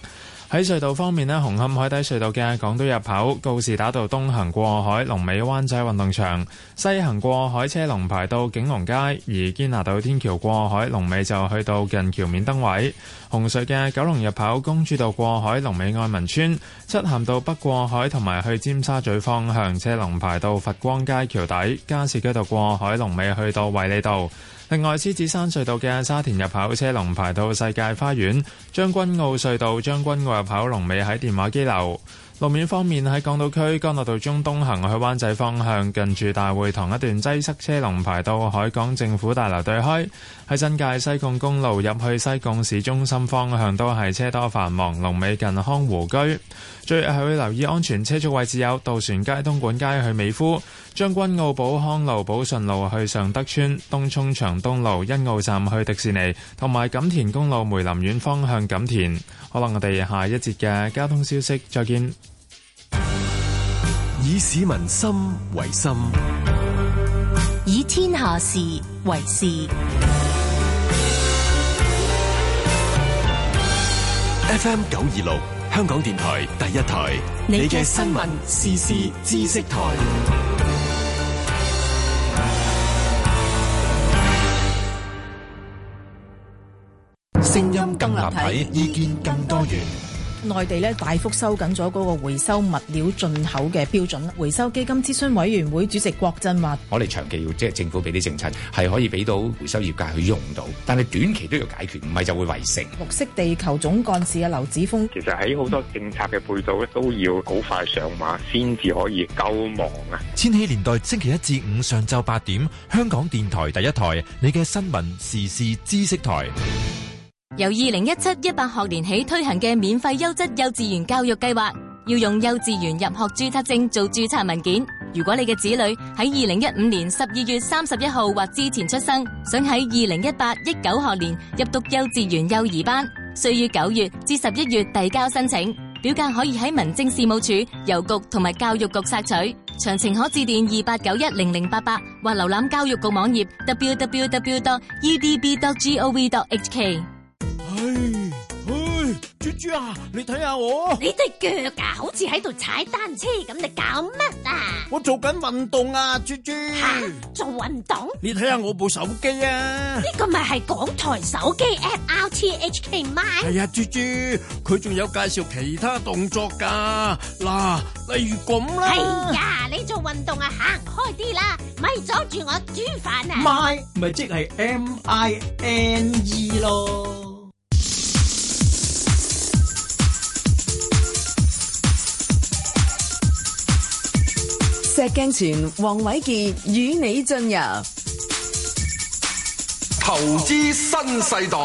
喺隧道方面呢紅磡海底隧道嘅港島入口告士打道東行過海，龍尾灣仔運動場西行過海車龍排到景隆街；而堅拿道天橋過海龍尾就去到近橋面燈位。紅隧嘅九龍入口公主道過海龍尾愛民村，漆咸道北過海同埋去尖沙咀方向車龍排到佛光街橋底，加士居道過海龍尾去到衛理道。另外，獅子山隧道嘅沙田入口車龍排到世界花園，將軍澳隧道將軍澳入口龍尾喺電話機樓。路面方面喺港島區干諾道中東行去灣仔方向，近住大會堂一段擠塞車龍，車龍排到海港政府大樓對開。喺新界西貢公路入去西貢市中心方向都係車多繁忙，龍尾近康湖居。最後要留意安全車速位置有渡船街、東莞街去美孚、將軍澳寶康路、寶順路去上德村、東涌長東路欣澳站去迪士尼，同埋錦田公路梅林苑方向錦田。可能我哋下一節嘅交通消息再見。以市民心為心，以天下事為事。FM 九二六，香港電台第一台，你嘅新聞、時事、知識台，識台聲音更立體，意見更多元。內地咧大幅收緊咗嗰個回收物料進口嘅標準。回收基金諮詢委員會主席郭振話：我哋長期要即係、就是、政府俾啲政策，係可以俾到回收業界去用到，但係短期都要解決，唔係就會圍城。綠色地球總幹事啊，劉子峰：「其實喺好多政策嘅配套咧，都要好快上馬，先至可以救亡啊！千禧年代星期一至五上晝八點，香港電台第一台，你嘅新聞時事知識台。由二零一七一八學年起推行嘅免費優質幼稚園教育計劃，要用幼稚園入學注冊證做注冊文件。如果你嘅子女喺二零一五年十二月三十一號或之前出生，想喺二零一八一九學年入讀幼稚園幼兒班，需於九月至十一月遞交申請，表格可以喺民政事務署、郵局同埋教育局索取。詳情可致電二八九一零零八八，或瀏覽教育局網頁 www.edb.gov.hk。豬豬啊，你睇下我，你隻腳、啊、好似喺度踩單車咁，你搞乜啊？我做緊運動啊，豬豬。係做運動。你睇下我部手機啊，呢個咪係港台手機 app R T H K My、哎？係啊，豬豬，佢仲有介紹其他動作噶，嗱，例如咁啦、啊。哎呀，你做運動啊，行開啲啦，咪阻住我煮飯啊。My 咪即係 M I N E 咯。石鏡泉、黃瑋杰與你進入投資新世代。世代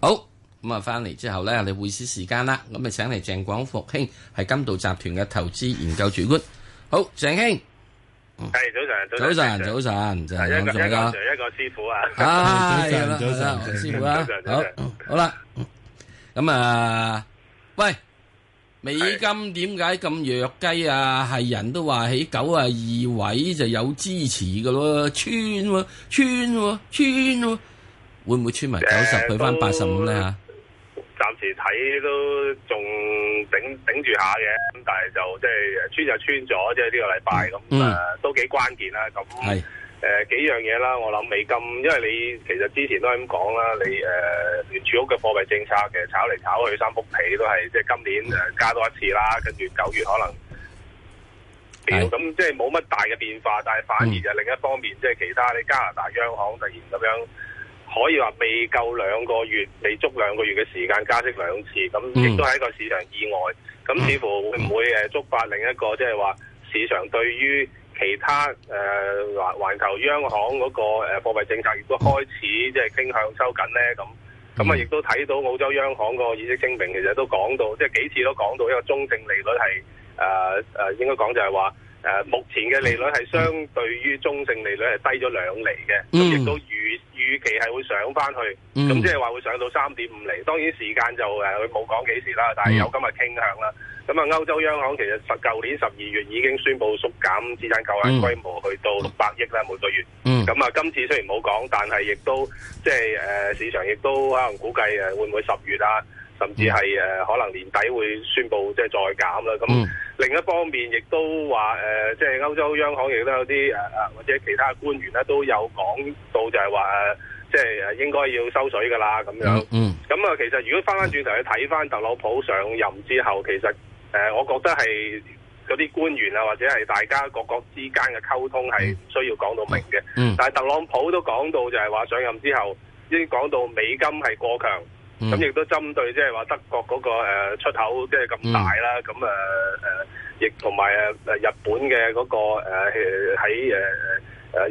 好咁啊，翻嚟之後咧，嚟會師時間啦。咁啊，請嚟鄭廣福兄係金道集團嘅投資研究主管。好，鄭兄，係早晨，早晨，早晨，早晨，一個一個一個師傅啊，早晨，早晨，師傅啊，好，好啦，咁啊，喂，美金點解咁弱雞啊？係人都話喺九啊二位就有支持噶咯。穿喎，穿喎，穿喎，會唔會穿埋九十去返八十五咧吓？暫時睇都仲頂頂住下嘅，咁但係就即係穿就穿咗，即係呢個禮拜咁啊，都幾關鍵啦。咁誒幾樣嘢啦，我諗美金，因為你其實之前都係咁講啦，你誒聯儲局嘅貨幣政策其實炒嚟炒去三幅被，都係即係今年誒加多一次啦，跟住九月可能，咁即係冇乜大嘅變化，但係反而就另一方面，即係其他你加拿大央行突然咁樣。可以話未夠兩個月，未足兩個月嘅時間加息兩次，咁亦都係一個市場意外。咁似乎會唔會誒觸發另一個，即係話市場對於其他誒、呃、環球央行嗰個誒貨幣政策，亦都開始即係傾向收緊咧，咁咁啊，亦都睇到澳洲央行個意識聲明，其實都講到即係幾次都講到一個中性利率係誒誒，應該講就係話。誒、呃、目前嘅利率係相對於中性利率係低咗兩厘嘅，咁亦、嗯、都預預期係會上翻去，咁、嗯、即係話會上到三點五厘，當然時間就誒佢冇講幾時啦，但係有咁嘅傾向啦。咁、呃、啊，歐洲央行其實十舊年十二月已經宣布縮減資產購入規模去到六百億啦每個月。咁、嗯、啊，今次雖然冇講，但係亦都即係誒市場亦都可能估計誒會唔會十月啊？甚至係誒、呃、可能年底會宣布即係再減啦。咁、嗯、另一方面，亦都話誒、呃，即係歐洲央行亦都有啲誒誒或者其他官員咧都有講到就，就係話誒，即係應該要收水噶啦咁樣嗯。嗯。咁啊、嗯，嗯、其實如果翻翻轉頭去睇翻特朗普上任之後，其實誒、呃、我覺得係嗰啲官員啊，或者係大家各國之間嘅溝通係唔需要講到明嘅、嗯嗯嗯嗯。嗯。但係特朗普都講到就係話上任之後，已經講到美金係過強。咁亦、嗯、都針對即係話德國嗰個出口即係咁大啦，咁誒誒，亦同埋誒日本嘅嗰、那個喺誒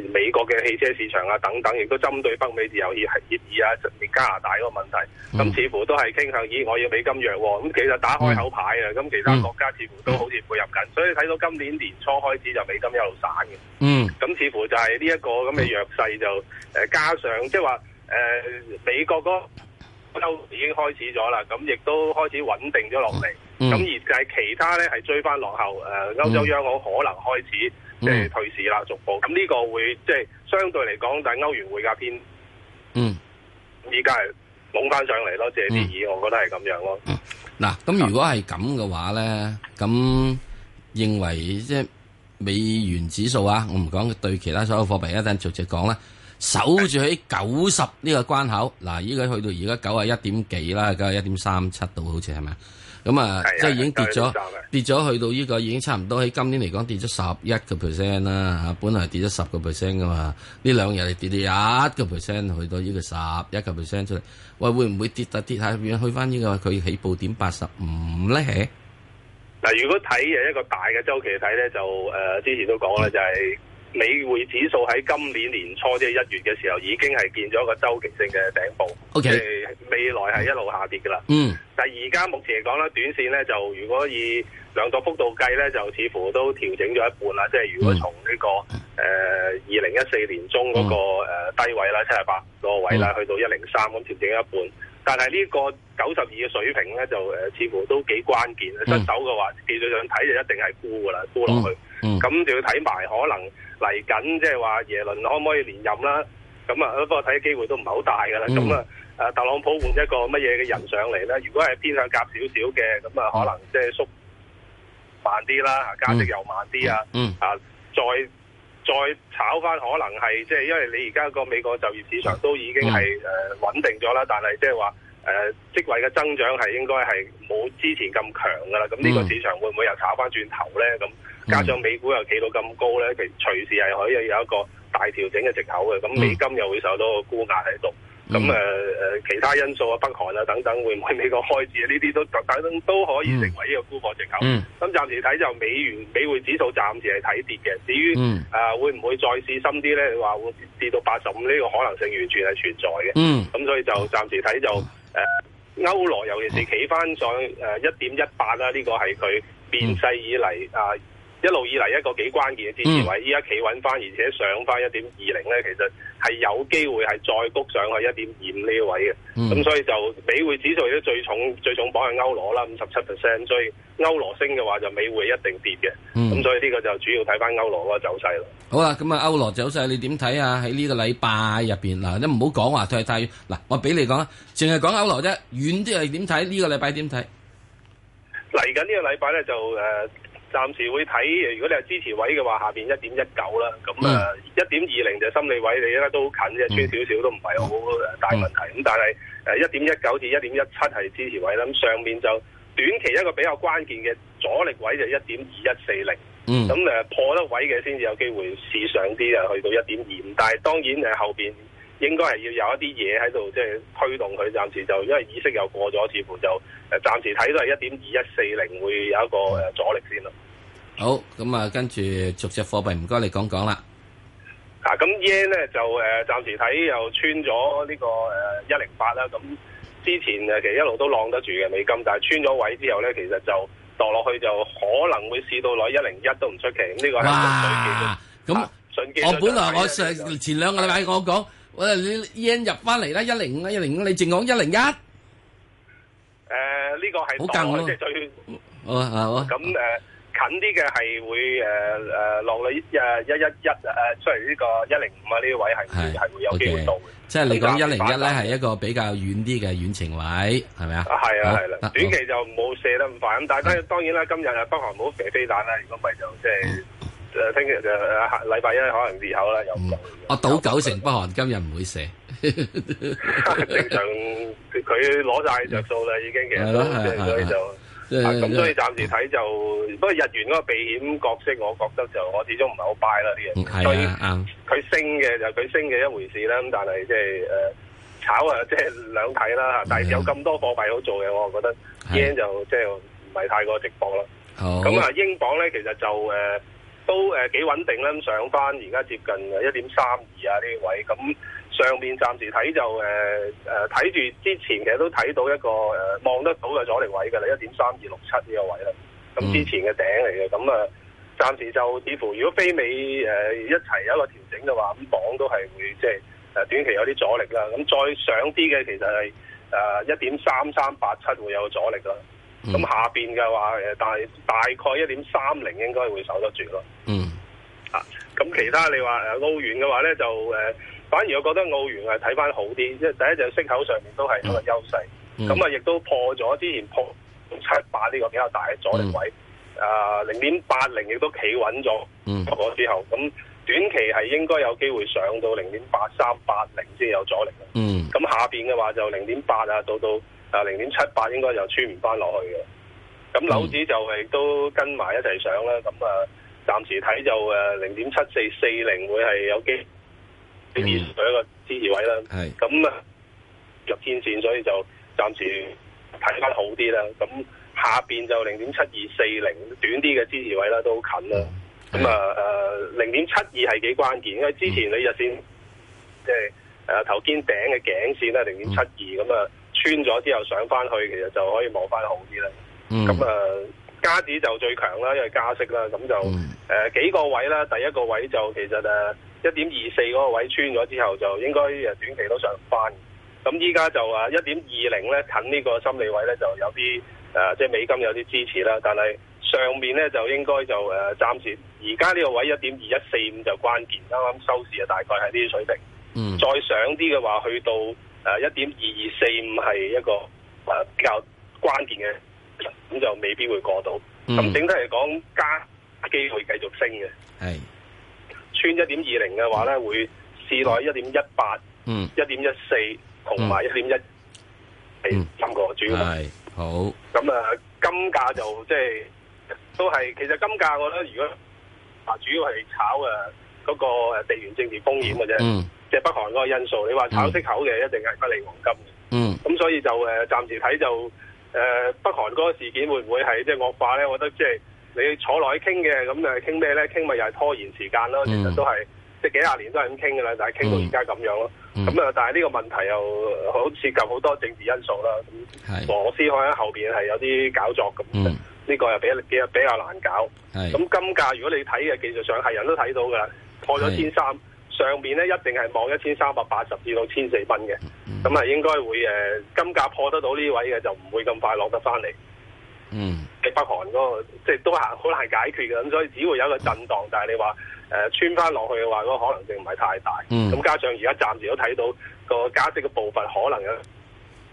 誒美國嘅汽車市場啊等等，亦都針對北美自由協協議啊，特別加拿大嗰個問題，咁、嗯、似乎都係傾向咦我要美金弱喎、哦，咁其實打開口牌啊，咁、嗯、其他國家似乎都好似配合緊，嗯、所以睇到今年年初開始就美金一路散嘅，嗯，咁、嗯、似乎就係呢一個咁嘅弱勢就誒加上即係話誒美國都已經開始咗啦，咁亦都開始穩定咗落嚟。咁、嗯、而就係其他咧，係追翻落後。誒、呃，歐洲央行可能開始即係退市啦，逐步。咁呢個會即係、就是、相對嚟講，就係歐元匯價偏嗯，依家係拱翻上嚟咯，借啲耳，嗯、我覺得係咁樣咯。嗱、嗯，咁如果係咁嘅話咧，咁認為即係、就是、美元指數啊，我唔講對其他所有貨幣，一陣逐隻講啦。守住喺九十呢個關口，嗱，依家去到而家九啊一點幾啦，九啊一點三七度好似係咪？咁啊，的即係已經跌咗，是 93, 跌咗去到呢、這個已經差唔多喺今年嚟講跌咗十一個 percent 啦，本來跌咗十個 percent 噶嘛，呢兩日係跌跌一個 percent 去到呢個十一個 percent 出嚟，喂，會唔會跌得跌下，變去翻呢、這個佢起步點八十五咧？嗱，如果睇嘅一個大嘅周期睇咧，就誒、呃、之前都講咧就係、是。美匯指數喺今年年初即係一、就是、月嘅時候已經係見咗一個周期性嘅頂部，即係 Okay. 未來係一路下跌㗎啦。嗯，但係而家目前嚟講咧，短線咧就如果以兩個幅度計咧，就似乎都調整咗一半啦。即係如果從呢、這個誒二零一四年中嗰、那個、嗯呃、低位啦，七十八個位啦，嗯、去到一零三咁調整一半。但係呢個九十二嘅水平咧，就誒、呃、似乎都幾關鍵。失、嗯、手嘅話，技術上睇就一定係沽嘅啦，沽落去。咁、嗯嗯、就要睇埋可能嚟緊即係話耶倫可唔可以連任啦？咁啊，不過睇機會都唔係好大嘅啦。咁、嗯、啊，特朗普換一個乜嘢嘅人上嚟咧？如果係偏向夾少少嘅，咁啊可能即係縮慢啲啦，加息又慢啲啊，嗯嗯嗯嗯、啊再。再炒翻可能係即係，因為你而家個美國就業市場都已經係誒穩定咗啦，嗯、但係即係話誒職位嘅增長係應該係冇之前咁強噶啦。咁呢個市場會唔會又炒翻轉頭咧？咁加上美股又企到咁高咧，其實隨時係可以有一個大調整嘅藉口嘅。咁美金又會受到個沽壓喺度。咁誒誒其他因素啊、北韓啊等等，會唔會美國開戰啊？呢啲都等等都可以成為呢個沽貨藉口。咁、嗯嗯、暫時睇就美元美匯指數暫時係睇跌嘅。至於啊、呃，會唔會再試深啲咧？話會跌到八十五呢個可能性完全係存在嘅。咁、嗯嗯、所以就暫時睇就誒、嗯呃、歐羅，尤其是企翻上誒一點一八啦，呢個係佢變勢以嚟啊。呃一路以嚟一個幾關鍵嘅支持位，依家企穩翻，而且上翻一點二零咧，其實係有機會係再谷上去一點二五呢個位嘅。咁、嗯、所以就美匯指數亦都最重，最重榜係歐羅啦，五十七 percent。所以歐羅升嘅話，就美匯一定跌嘅。咁、嗯、所以呢個就主要睇翻歐羅嘅走勢啦。好啦，咁啊歐羅走勢你點睇啊？喺呢個禮拜入邊嗱，你唔好講話退太嗱，我俾你講啊，淨係講歐羅啫。遠啲係點睇？這個、個呢個禮拜點睇？嚟緊呢個禮拜咧就誒。暫時會睇，如果你係支持位嘅話，下邊一點一九啦，咁啊一點二零就心理位你應該都近啫，穿少少都唔係好大問題。咁、嗯、但係誒一點一九至一點一七係支持位啦。咁上面就短期一個比較關鍵嘅阻力位就一點二一四零、嗯、。咁誒破得位嘅先至有機會試上啲啊，去到一點二五。但係當然誒後邊應該係要有一啲嘢喺度，即係推動佢。暫時就因為意識又過咗，似乎就誒暫時睇都係一點二一四零會有一個誒阻力先咯。好，咁啊，跟住逐隻貨幣，唔該你講講啦。啊，咁 yen 咧就誒，暫時睇又穿咗呢個誒一零八啦。咁之前誒其實一路都攬得住嘅美金，但係穿咗位之後咧，其實就墮落去就可能會試到落一零一都唔出奇。呢個哇，咁我本來我上前兩個禮拜我講，我話啲 yen 入翻嚟啦，一零五啦，一零五，你淨講一零一。誒，呢個係好近。即係最啊啊！咁誒。近啲嘅，係會誒誒落落一一一誒出嚟，呢個一零五啊，呢位係係會有機會到嘅。即係你講一零一咧係一個比較遠啲嘅遠程位，係咪啊？係啊係啦，短期就冇射得咁快。咁但係當然啦，今日啊北韓冇射飛彈啦，如果唔係就即係誒聽日就禮拜一可能熱口啦又。唔，我賭九成北韓今日唔會射，正常佢攞晒著數啦已經，其實都即就。咁所以暫時睇就，不過日元嗰個避險角色，我覺得就我始終唔係好 buy 啦啲嘢。所以佢升嘅就佢升嘅一回事啦。咁但係即係誒炒啊，即係兩睇啦的但係有咁多貨幣好做嘅，我覺得 yen 的就即係唔係太過直播咯。咁啊的，英鎊咧其實就誒、呃、都誒幾穩定啦，咁上翻而家接近一點三二啊呢位咁。嗯上面暫時睇就誒誒睇住之前其實都睇到一個誒望、呃、得到嘅阻力位㗎啦，一點三二六七呢個位啦，咁之前嘅頂嚟嘅，咁啊暫時就似乎如果非美誒、呃、一齊有一個調整嘅話，咁鎊都係會即係、呃、短期有啲阻力啦。咁再上啲嘅其實係誒一點三三八七會有阻力啦。咁、嗯、下邊嘅話但大、呃、大概一點三零應該會守得住咯。嗯，嚇咁、啊、其他你澳話誒澳元嘅話咧就誒。呃反而我覺得澳元係睇翻好啲，即係第一就息口上面都係一個優勢，咁啊亦都破咗之前破七八呢個比較大嘅阻力位，啊零點八零亦都企穩咗，破咗、嗯、之後，咁短期係應該有機會上到零點八三八零先有阻力，咁、嗯、下邊嘅話就零點八啊到到啊零點七八應該就穿唔翻落去嘅，咁樓指就係都跟埋一齊上啦，咁啊、呃、暫時睇就誒零點七四四零會係有機。呢邊對一個支持位啦，咁啊是入天線，線，所以就暫時睇翻好啲啦。咁下邊就零點七二四零，短啲嘅支持位啦，都好近啦。咁啊誒零點七二係幾關鍵，因為之前你日線即係誒頭肩頂嘅頸線咧零點七二，咁啊穿咗之後上翻去，其實就可以望翻好啲啦。咁啊、嗯呃、加子就最強啦，因為加息啦，咁就誒、嗯呃、幾個位啦，第一個位就其實誒。一點二四嗰個位穿咗之後，就應該誒短期都上翻。咁依家就話一點二零咧，近呢個心理位咧就有啲誒、呃，即係美金有啲支持啦。但係上面咧就應該就誒、呃、暫時，而家呢個位一點二一四五就關鍵，啱啱收市啊，大概係呢啲水平。嗯。再上啲嘅話，去到誒一點二二四五係一個誒比較關鍵嘅，咁就未必會過到。咁、嗯、整體嚟講，加機會繼續升嘅。係。穿一點二零嘅話咧，會試耐一點一八、嗯、一點一四同埋一點一，嗯，三個主要。係、哎、好。咁啊，金價就即係都係，其實金價我覺得如果啊，主要係炒誒嗰、嗰個地緣政治風險嘅啫。即係、嗯、北韓嗰個因素，你話炒息口嘅一定係不利黃金。嗯。咁所以就誒暫時睇就誒、呃、北韓嗰個事件會唔會係即係惡化咧？我覺得即係。你坐落去傾嘅，咁誒傾咩咧？傾咪又係拖延時間咯，嗯、其實都係即係幾廿年都係咁傾嘅啦，但係傾到而家咁樣咯。咁啊、嗯，嗯、但係呢個問題又好涉及好多政治因素啦。俄是羅斯可能後邊係有啲搞作咁，呢、嗯、個又比比比較難搞。咁是金價如果你睇嘅技術上係人都睇到嘅，破咗千三，上面咧一定係望一千三百八十至到千四蚊嘅，咁啊、嗯嗯、應該會誒金價破得到呢位嘅，就唔會咁快落得返嚟。嗯。北韓嗰、那個即係都難好難解決嘅，咁所以只會有一個震盪，但係你話誒、呃、穿翻落去嘅話，嗰可能性唔係太大。咁、嗯、加上而家暫時都睇到個加息嘅部分可能有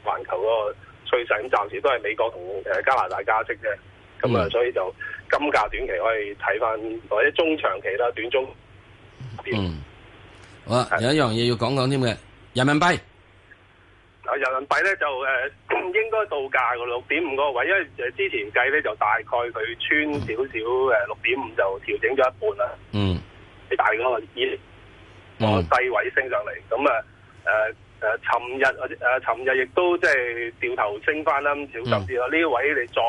環球個趨勢，咁暫時都係美國同誒加拿大加息嘅。咁啊、嗯，所以就金價短期可以睇翻或者中長期啦，短中。嗯。好啦，的有一樣嘢要講講添嘅，人民幣。啊，人民幣咧就誒、呃、應該到價個六點五個位，因為誒之前計咧就大概佢穿少少誒六點五就調整咗一半啦。嗯，幾大個位，哦，低、嗯、位升上嚟。咁啊誒誒，尋、呃呃、日啊誒尋日亦都即係掉頭升翻啦，少少啲啦。呢、嗯、位你再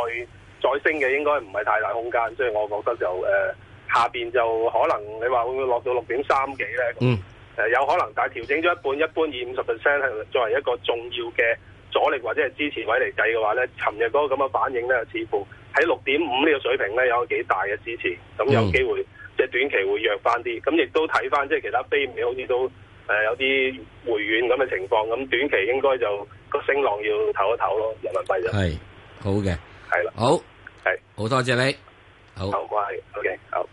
再升嘅應該唔係太大空間，所以我覺得就誒、呃、下邊就可能你話會唔會落到六點三幾咧？嗯。誒有可能，但係調整咗一半，一般以五十 percent 作為一個重要嘅阻力或者係支持位嚟計嘅話咧，尋日嗰個咁嘅反應咧，似乎喺六點五呢個水平咧有幾大嘅支持，咁有機會、嗯、即係短期會弱翻啲。咁亦都睇翻即係其他非美元好似都誒、呃、有啲回軟咁嘅情況，咁短期應該就個升浪要唞一唞咯，人民幣就係好嘅，係啦，好係好多謝你，好，好，拜，OK，好。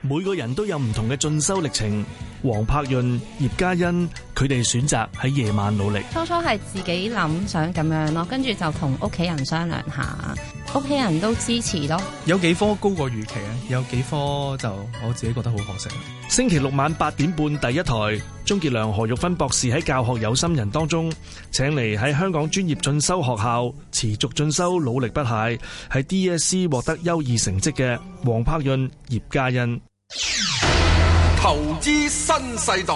每個人都有唔同嘅進修歷程。黃柏潤、葉嘉欣，佢哋選擇喺夜晚努力。初初係自己諗想咁樣咯，跟住就同屋企人商量下，屋企人都支持咯。有幾科高過預期咧，有幾科就我自己覺得好可惜。星期六晚八點半第一台，鍾杰良、何玉芬博士喺教學有心人當中，請嚟喺香港專業進修學校持續進修努力不懈，係 DSE 獲得優異成績嘅黃柏潤、葉嘉欣。投資新世代，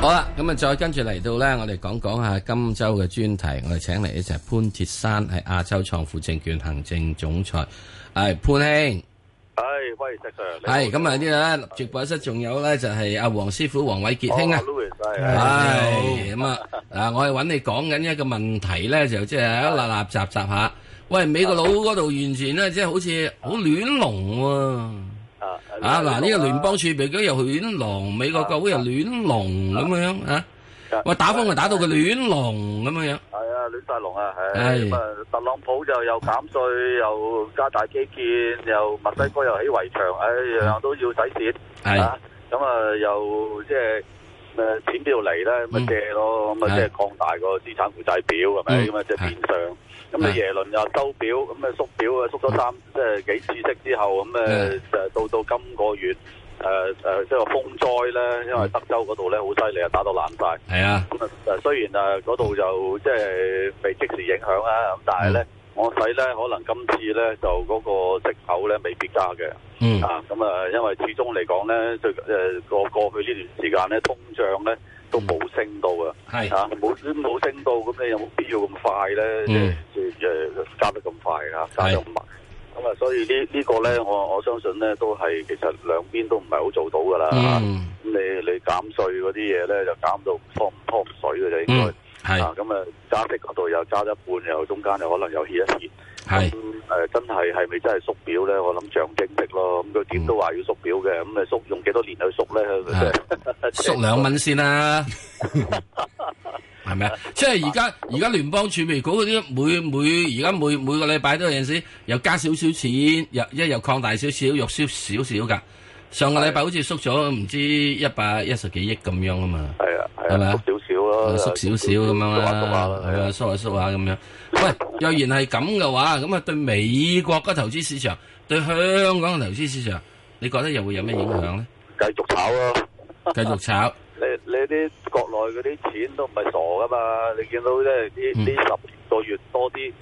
好啦，咁啊，再跟住嚟到呢。我哋講講下今周嘅專題，我哋請嚟嘅就係潘鐵山，係亞洲創富證券行政總裁，係潘兄。係，歡迎 Sir。係，咁啊呢個咧，直播室，仲有咧就係阿黃師傅黃瑋傑兄啊。係，咁啊，嗱，我係揾你講緊一個問題咧，就即係一垃垃雜雜下。喂，美國佬嗰度完全咧，即係好似好亂龍喎。啊，啊嗱，呢個聯邦儲備局又亂龍，美國國會又亂龍，咁樣啊。喂，打風咪打到佢亂龍咁嘅樣。係啊，亂晒龍啊，係咁啊！特朗普就又減稅，又加大基建，又墨西哥又起圍牆，唉，樣樣都要使錢。係啊，咁啊，又即係誒錢邊度嚟咧？咪借咯，咁啊，即係擴大個資產負債表，咁咪咁啊？即係變相。咁啊，耶倫又收表，咁啊縮表啊，縮咗三即係幾次息之後，咁啊就到到今個月。誒誒，即係、啊啊就是、風災咧，因為德州嗰度咧好犀利啊，打到爛晒。係啊，咁啊，雖然啊嗰度、嗯、就即係未即時影響啦、啊，咁但係咧，的我睇咧可能今次咧就嗰個息口咧未必加嘅。嗯。啊，咁啊，因為始終嚟講咧，最誒過、呃、過去呢段時間咧，通脹咧都冇升到、嗯、啊。係。啊，冇冇升到，咁你有冇必要咁快咧？即誒呢加得咁快㗎？加到咁快。咁啊，所以個呢呢個咧，我我相信咧，都係其實兩邊都唔係好做到噶啦。咁、嗯、你你減稅嗰啲嘢咧，就減到唔拖唔水嘅就應該。係、嗯。咁啊，加息嗰度又加一半，又中間又可能有 h 一 h 係誒，真係係咪真係縮表咧？我諗象徵力咯。咁佢點都話要縮表嘅，咁咪縮用幾多年去縮咧？縮兩蚊先啦，係咪啊？即係而家而家聯邦儲備局嗰啲，每每而家每每個禮拜都有陣時又加少少錢，又一又擴大少少，又縮少少噶。上個禮拜好似縮咗唔知一百一十幾億咁樣啊嘛。係啊，係啊，縮少縮少少咁樣啦，係啊，縮下縮下咁，嗯嗯、樣。喂，若然係咁嘅話，咁啊對美國嘅投資市場，對香港嘅投資市場，你覺得又會有咩影響咧？繼續炒咯，啊，繼 續炒。你你啲國內嗰啲錢都唔係傻噶嘛，你見到即係呢呢十個月多啲。嗯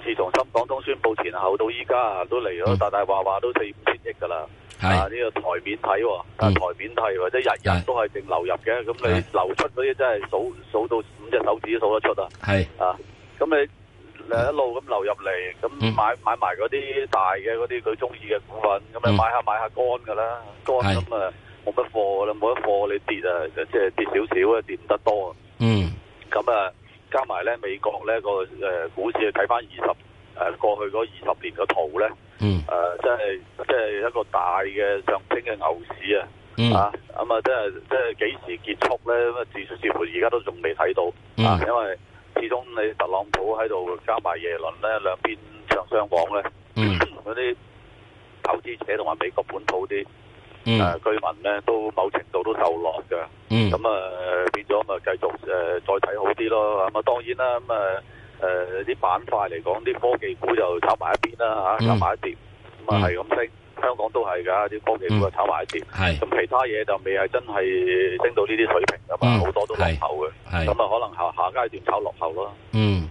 自從深港通宣布前後到依家啊，都嚟咗大大話話都四五千億㗎啦。係啊，呢個台面睇喎，台面睇或者日日都係淨流入嘅。咁你流出嗰啲真係數數到五隻手指都數得出啊。係啊，咁你一路咁流入嚟，咁買買埋嗰啲大嘅嗰啲佢中意嘅股份，咁你買下買下乾㗎啦。乾咁啊，冇乜貨啦，冇乜貨你跌啊，即係跌少少啊，跌得多啊。嗯，咁啊。加埋咧，美國咧個誒股市睇翻二十誒過去嗰二十年嘅圖咧，誒即係即係一個大嘅上升嘅牛市、嗯、啊！啊咁啊，即係即係幾時結束咧？至至乎而家都仲未睇到、嗯、啊！因為始終你特朗普喺度加埋耶倫咧，兩邊上雙方咧，嗰啲、嗯嗯、投資者同埋美國本土啲，誒居民咧都某程度都受落嘅，咁啊、嗯嗯、變咗咪繼續誒、呃、再睇好啲咯。咁啊當然啦，咁啊誒啲板塊嚟講，啲科技股就炒埋一邊啦，嚇炒埋一碟，咁啊係咁升。香港都係㗎，啲科技股啊炒埋一碟。係咁，其他嘢就未係真係升到呢啲水平㗎嘛，好、嗯、多都落後嘅。咁啊，可能下下階段炒落後咯。嗯，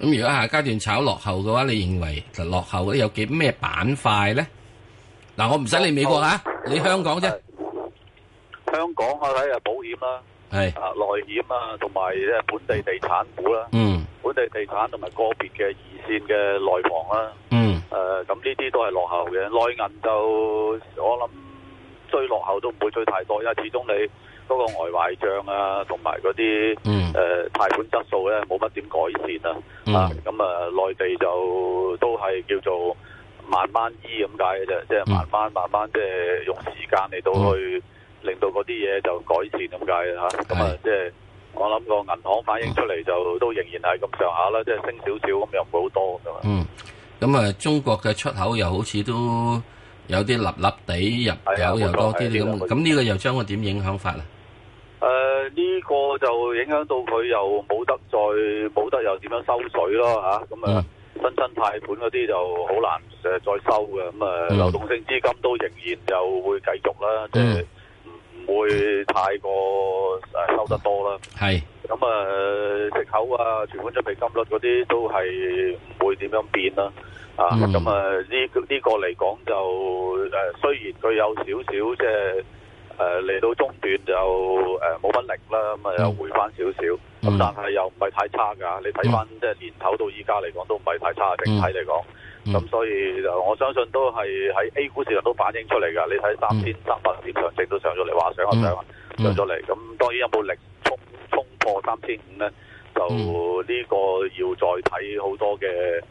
咁如果下階段炒落後嘅話，你認為實落後有幾咩板塊咧？嗱、啊，我唔使理美國吓，啊啊，你香港啫。香港我睇下保險啦，係啊，內險啊，同埋是、啊、本地地產股啦，啊。嗯，本地地產同埋個別嘅二綫嘅內房啦，啊。嗯，誒、呃，咁呢啲都係落後嘅。內銀就我諗追落後都唔會追太多，因為始終你嗰個外壞賬啊，同埋嗰啲誒貸款質素咧，冇乜點改善啊。嗯，咁啊，內、嗯、地就都係叫做。慢慢醫咁解嘅啫，即係慢慢慢慢即係用時間嚟到去令到嗰啲嘢就改善咁解嘅嚇。咁啊、嗯，即係我諗個銀行反映出嚟就都仍然係咁上下啦，嗯、即係升少少咁又唔會好多咁啊。嗯，咁啊、嗯，中國嘅出口又好似都有啲立立地入口又多啲咁，咁呢錯、嗯、個又將我點影響法啊？誒、呃，呢、呢個就影響到佢又冇得再冇得又點樣收水咯嚇，咁啊、嗯。嗯新增貸款嗰啲就好難誒再收嘅，咁啊，嗯、流動性資金都仍然就會繼續啦，即係唔會太過收得多啦。係，咁啊，息、啊是啊、口啊、存款準備金率嗰啲都係唔會點樣變啦。嗯、啊，咁啊，呢、呢、呢個嚟、呢個、講就誒雖然佢有少少即係誒嚟到中段就誒冇乜力啦，咁啊又回翻少少，少。咁、嗯、但係又唔係太差㗎，你睇翻即係年頭到依家嚟講都唔係太差，整體嚟講。咁、嗯、所以就我相信都係喺 A 股市場都反映出嚟㗎。你睇三千三百零點上，淨到、嗯、上咗嚟話上啊上，上咗嚟。咁當然有冇力衝衝破三千五咧？就呢個要再睇好多嘅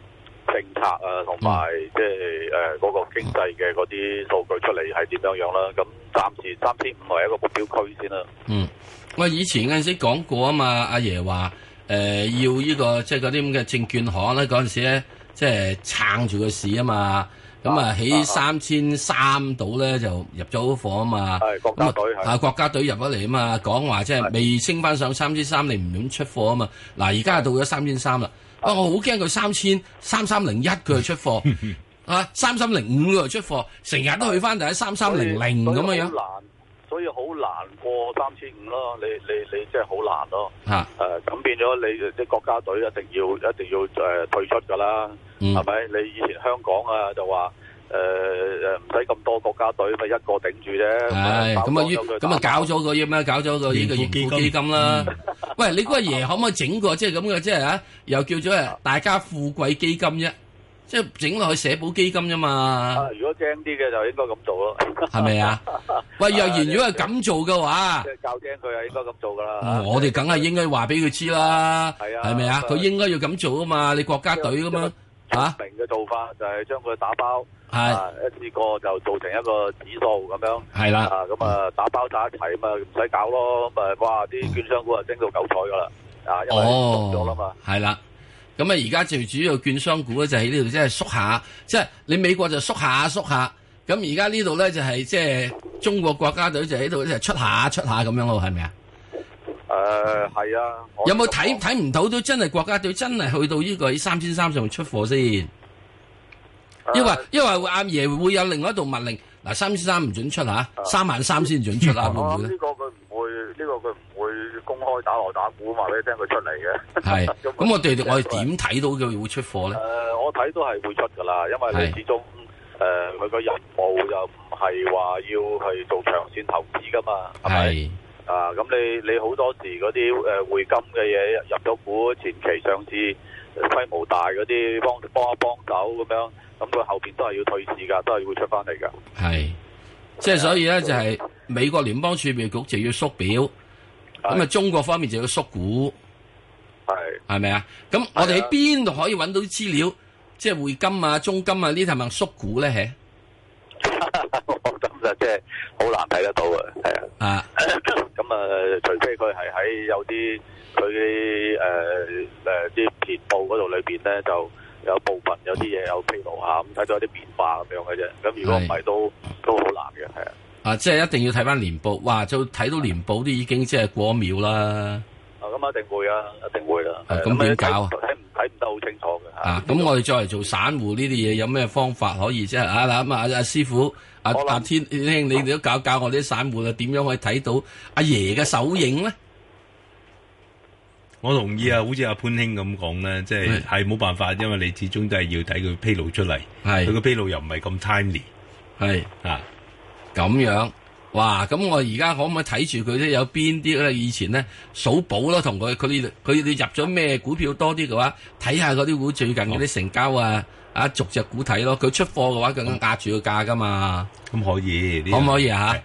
政策啊，同埋即係誒嗰個經濟嘅嗰啲數據出嚟係點樣樣、啊、啦。咁暫時三千五係一個目標區先啦、啊。嗯。我以前嗰陣時講過啊嘛，阿爺話誒要呢個即係嗰啲咁嘅證券行咧，嗰陣時咧即係撐住個市啊嘛，咁啊起三千三度咧就入咗貨啊嘛，係國家隊、啊、國家隊入咗嚟啊嘛，講話即係未升翻上三千三，你唔准出貨啊嘛。嗱而家到咗三千三啦，啊我好驚佢三千三三零一佢又出貨，的啊三三零五佢又出貨，成日都去翻第一三三零零咁嘅樣。3, 所以好難過三千五咯，你你你即係好難咯。啊，誒咁、uh, 變咗你啲國家隊一定要一定要誒、呃、退出噶啦，係咪、啊？你以前香港啊就話誒誒唔使咁多國家隊咪一個頂住啫。係咁啊，咁啊搞咗個要咩啊？搞咗個呢個盈富基金啦。嗯嗯、喂，你嗰個爺可唔可以整個即係咁嘅即係啊？又叫做大家富貴基金啫。即係整落去社保基金啫嘛。如果精啲嘅就應該咁做咯，係咪啊？喂，若然如果係咁做嘅話，即係教精佢係應該咁做噶啦。我哋梗係應該話俾佢知啦，係咪啊？佢應該要咁做啊嘛，你國家隊噶嘛。明嘅做法就係將佢打包，一次過就做成一個指數咁樣。係啦，咁啊打包打一齊啊嘛，唔使搞咯，咁啊哇啲券商股啊升到九彩噶啦，啊因為跌咗啦嘛。係啦。咁啊！而家最主要券商股咧就喺呢度，即係縮下，即、就、係、係、你美國就縮下縮下，咁而家呢度咧就係即係中國國家隊就喺度即係出一下出下咁樣咯，係咪、uh, 啊？誒，係啊。有冇睇睇唔到都真係國家隊真係去到呢個三千三上出貨先？因為因為阿爺會有另外一道密令，嗱三千三唔准出吓，三萬三先准出啊，會唔會呢、uh, 個佢唔會，呢、呢個佢。會公開打鑼打鼓話俾你聽佢出嚟嘅，咁我哋我哋點睇到佢會出貨咧？誒、呃，我睇到係會出噶啦，因為你始終誒佢個任務又唔係話要去做長線投資噶嘛，係咪是？啊，咁、嗯、你你好多時嗰啲誒匯金嘅嘢入咗股前期上市規模大嗰啲，幫幫一幫手咁樣，咁佢後邊都係要退市噶，都係會出翻嚟噶。係是，即係所以咧，就係美國聯邦儲備局就要縮表。咁啊、嗯，中國方面就要縮股，係係咪啊？咁我哋喺邊度可以揾到啲資料，的即係匯金啊、中金啊呢啲係咪縮股咧？係，我今日即係好難睇得到啊，係 啊，咁啊，除非佢係喺有啲佢誒誒啲財報嗰度裏邊咧，就有部分有啲嘢有披露下，咁睇到有啲變化咁樣嘅啫。咁如果唔係，的的都都好難嘅，係啊。啊！即係一定要睇翻年報，哇！就睇到年報都已經即係過一秒啦。啊！咁一定會啊，一定會啦。咁點搞啊？睇唔睇唔得好清楚嘅吓。咁我哋再嚟做散戶呢啲嘢，有咩方法可以即係啊嗱咁啊？阿、嗯啊啊啊啊、師傅，阿、啊、阿能天兄，你哋都教教我啲散戶啦，點樣可以睇到阿爺嘅手影咧？我同意啊，好似阿、啊、潘兄咁講咧，即係係冇辦法，因為你始終都係要睇佢披露出嚟，係佢個披露又唔係咁 timely，係啊。咁樣，哇！咁我而家可唔可以睇住佢咧？有邊啲咧？以前咧數寶簿咯，同佢佢佢佢入咗咩股票多啲嘅話，睇下嗰啲股最近嗰啲成交啊，嗯、啊逐隻股睇咯。佢出貨嘅話，佢咁壓住個價噶嘛。咁可以，可唔可以啊？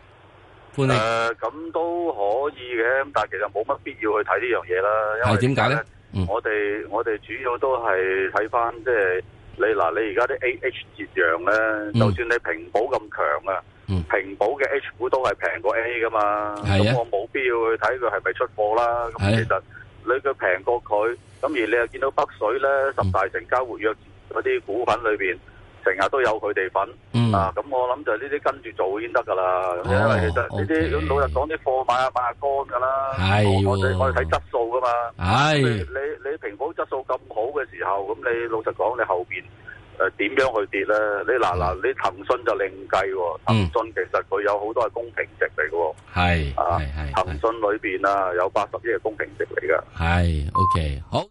歡迎是。誒、呃，咁都可以嘅，但係其實冇乜必要去睇呢樣嘢啦。係點解咧？我哋我哋主要都係睇翻即係。就是你嗱、AH，你而家啲 A H 折讓咧，就算你平保咁強啊，嗯、平保嘅 H 股都係平過 A 噶嘛，咁的我冇必要去睇佢係咪出貨啦。咁的其實你佢平過佢，咁的而你又見到北水咧，十大成交活躍嗰啲股份裏邊。嗯嗯成日都有佢哋份，嗱咁、嗯啊、我諗就呢啲跟住做先得噶啦，因為、哦、其實呢啲 okay, 老實講啲貨買下買下乾噶啦，係、哎呦啊、我哋我哋睇質素噶嘛，係、哎、你你平保質素咁好嘅時候，咁你老實講你後邊誒點樣去跌咧？你嗱嗱你騰訊就另計喎，騰訊其實佢有好多係公平值嚟嘅，係、嗯、啊，騰訊裏邊啊有八十億公平值嚟嘅，係 OK 好。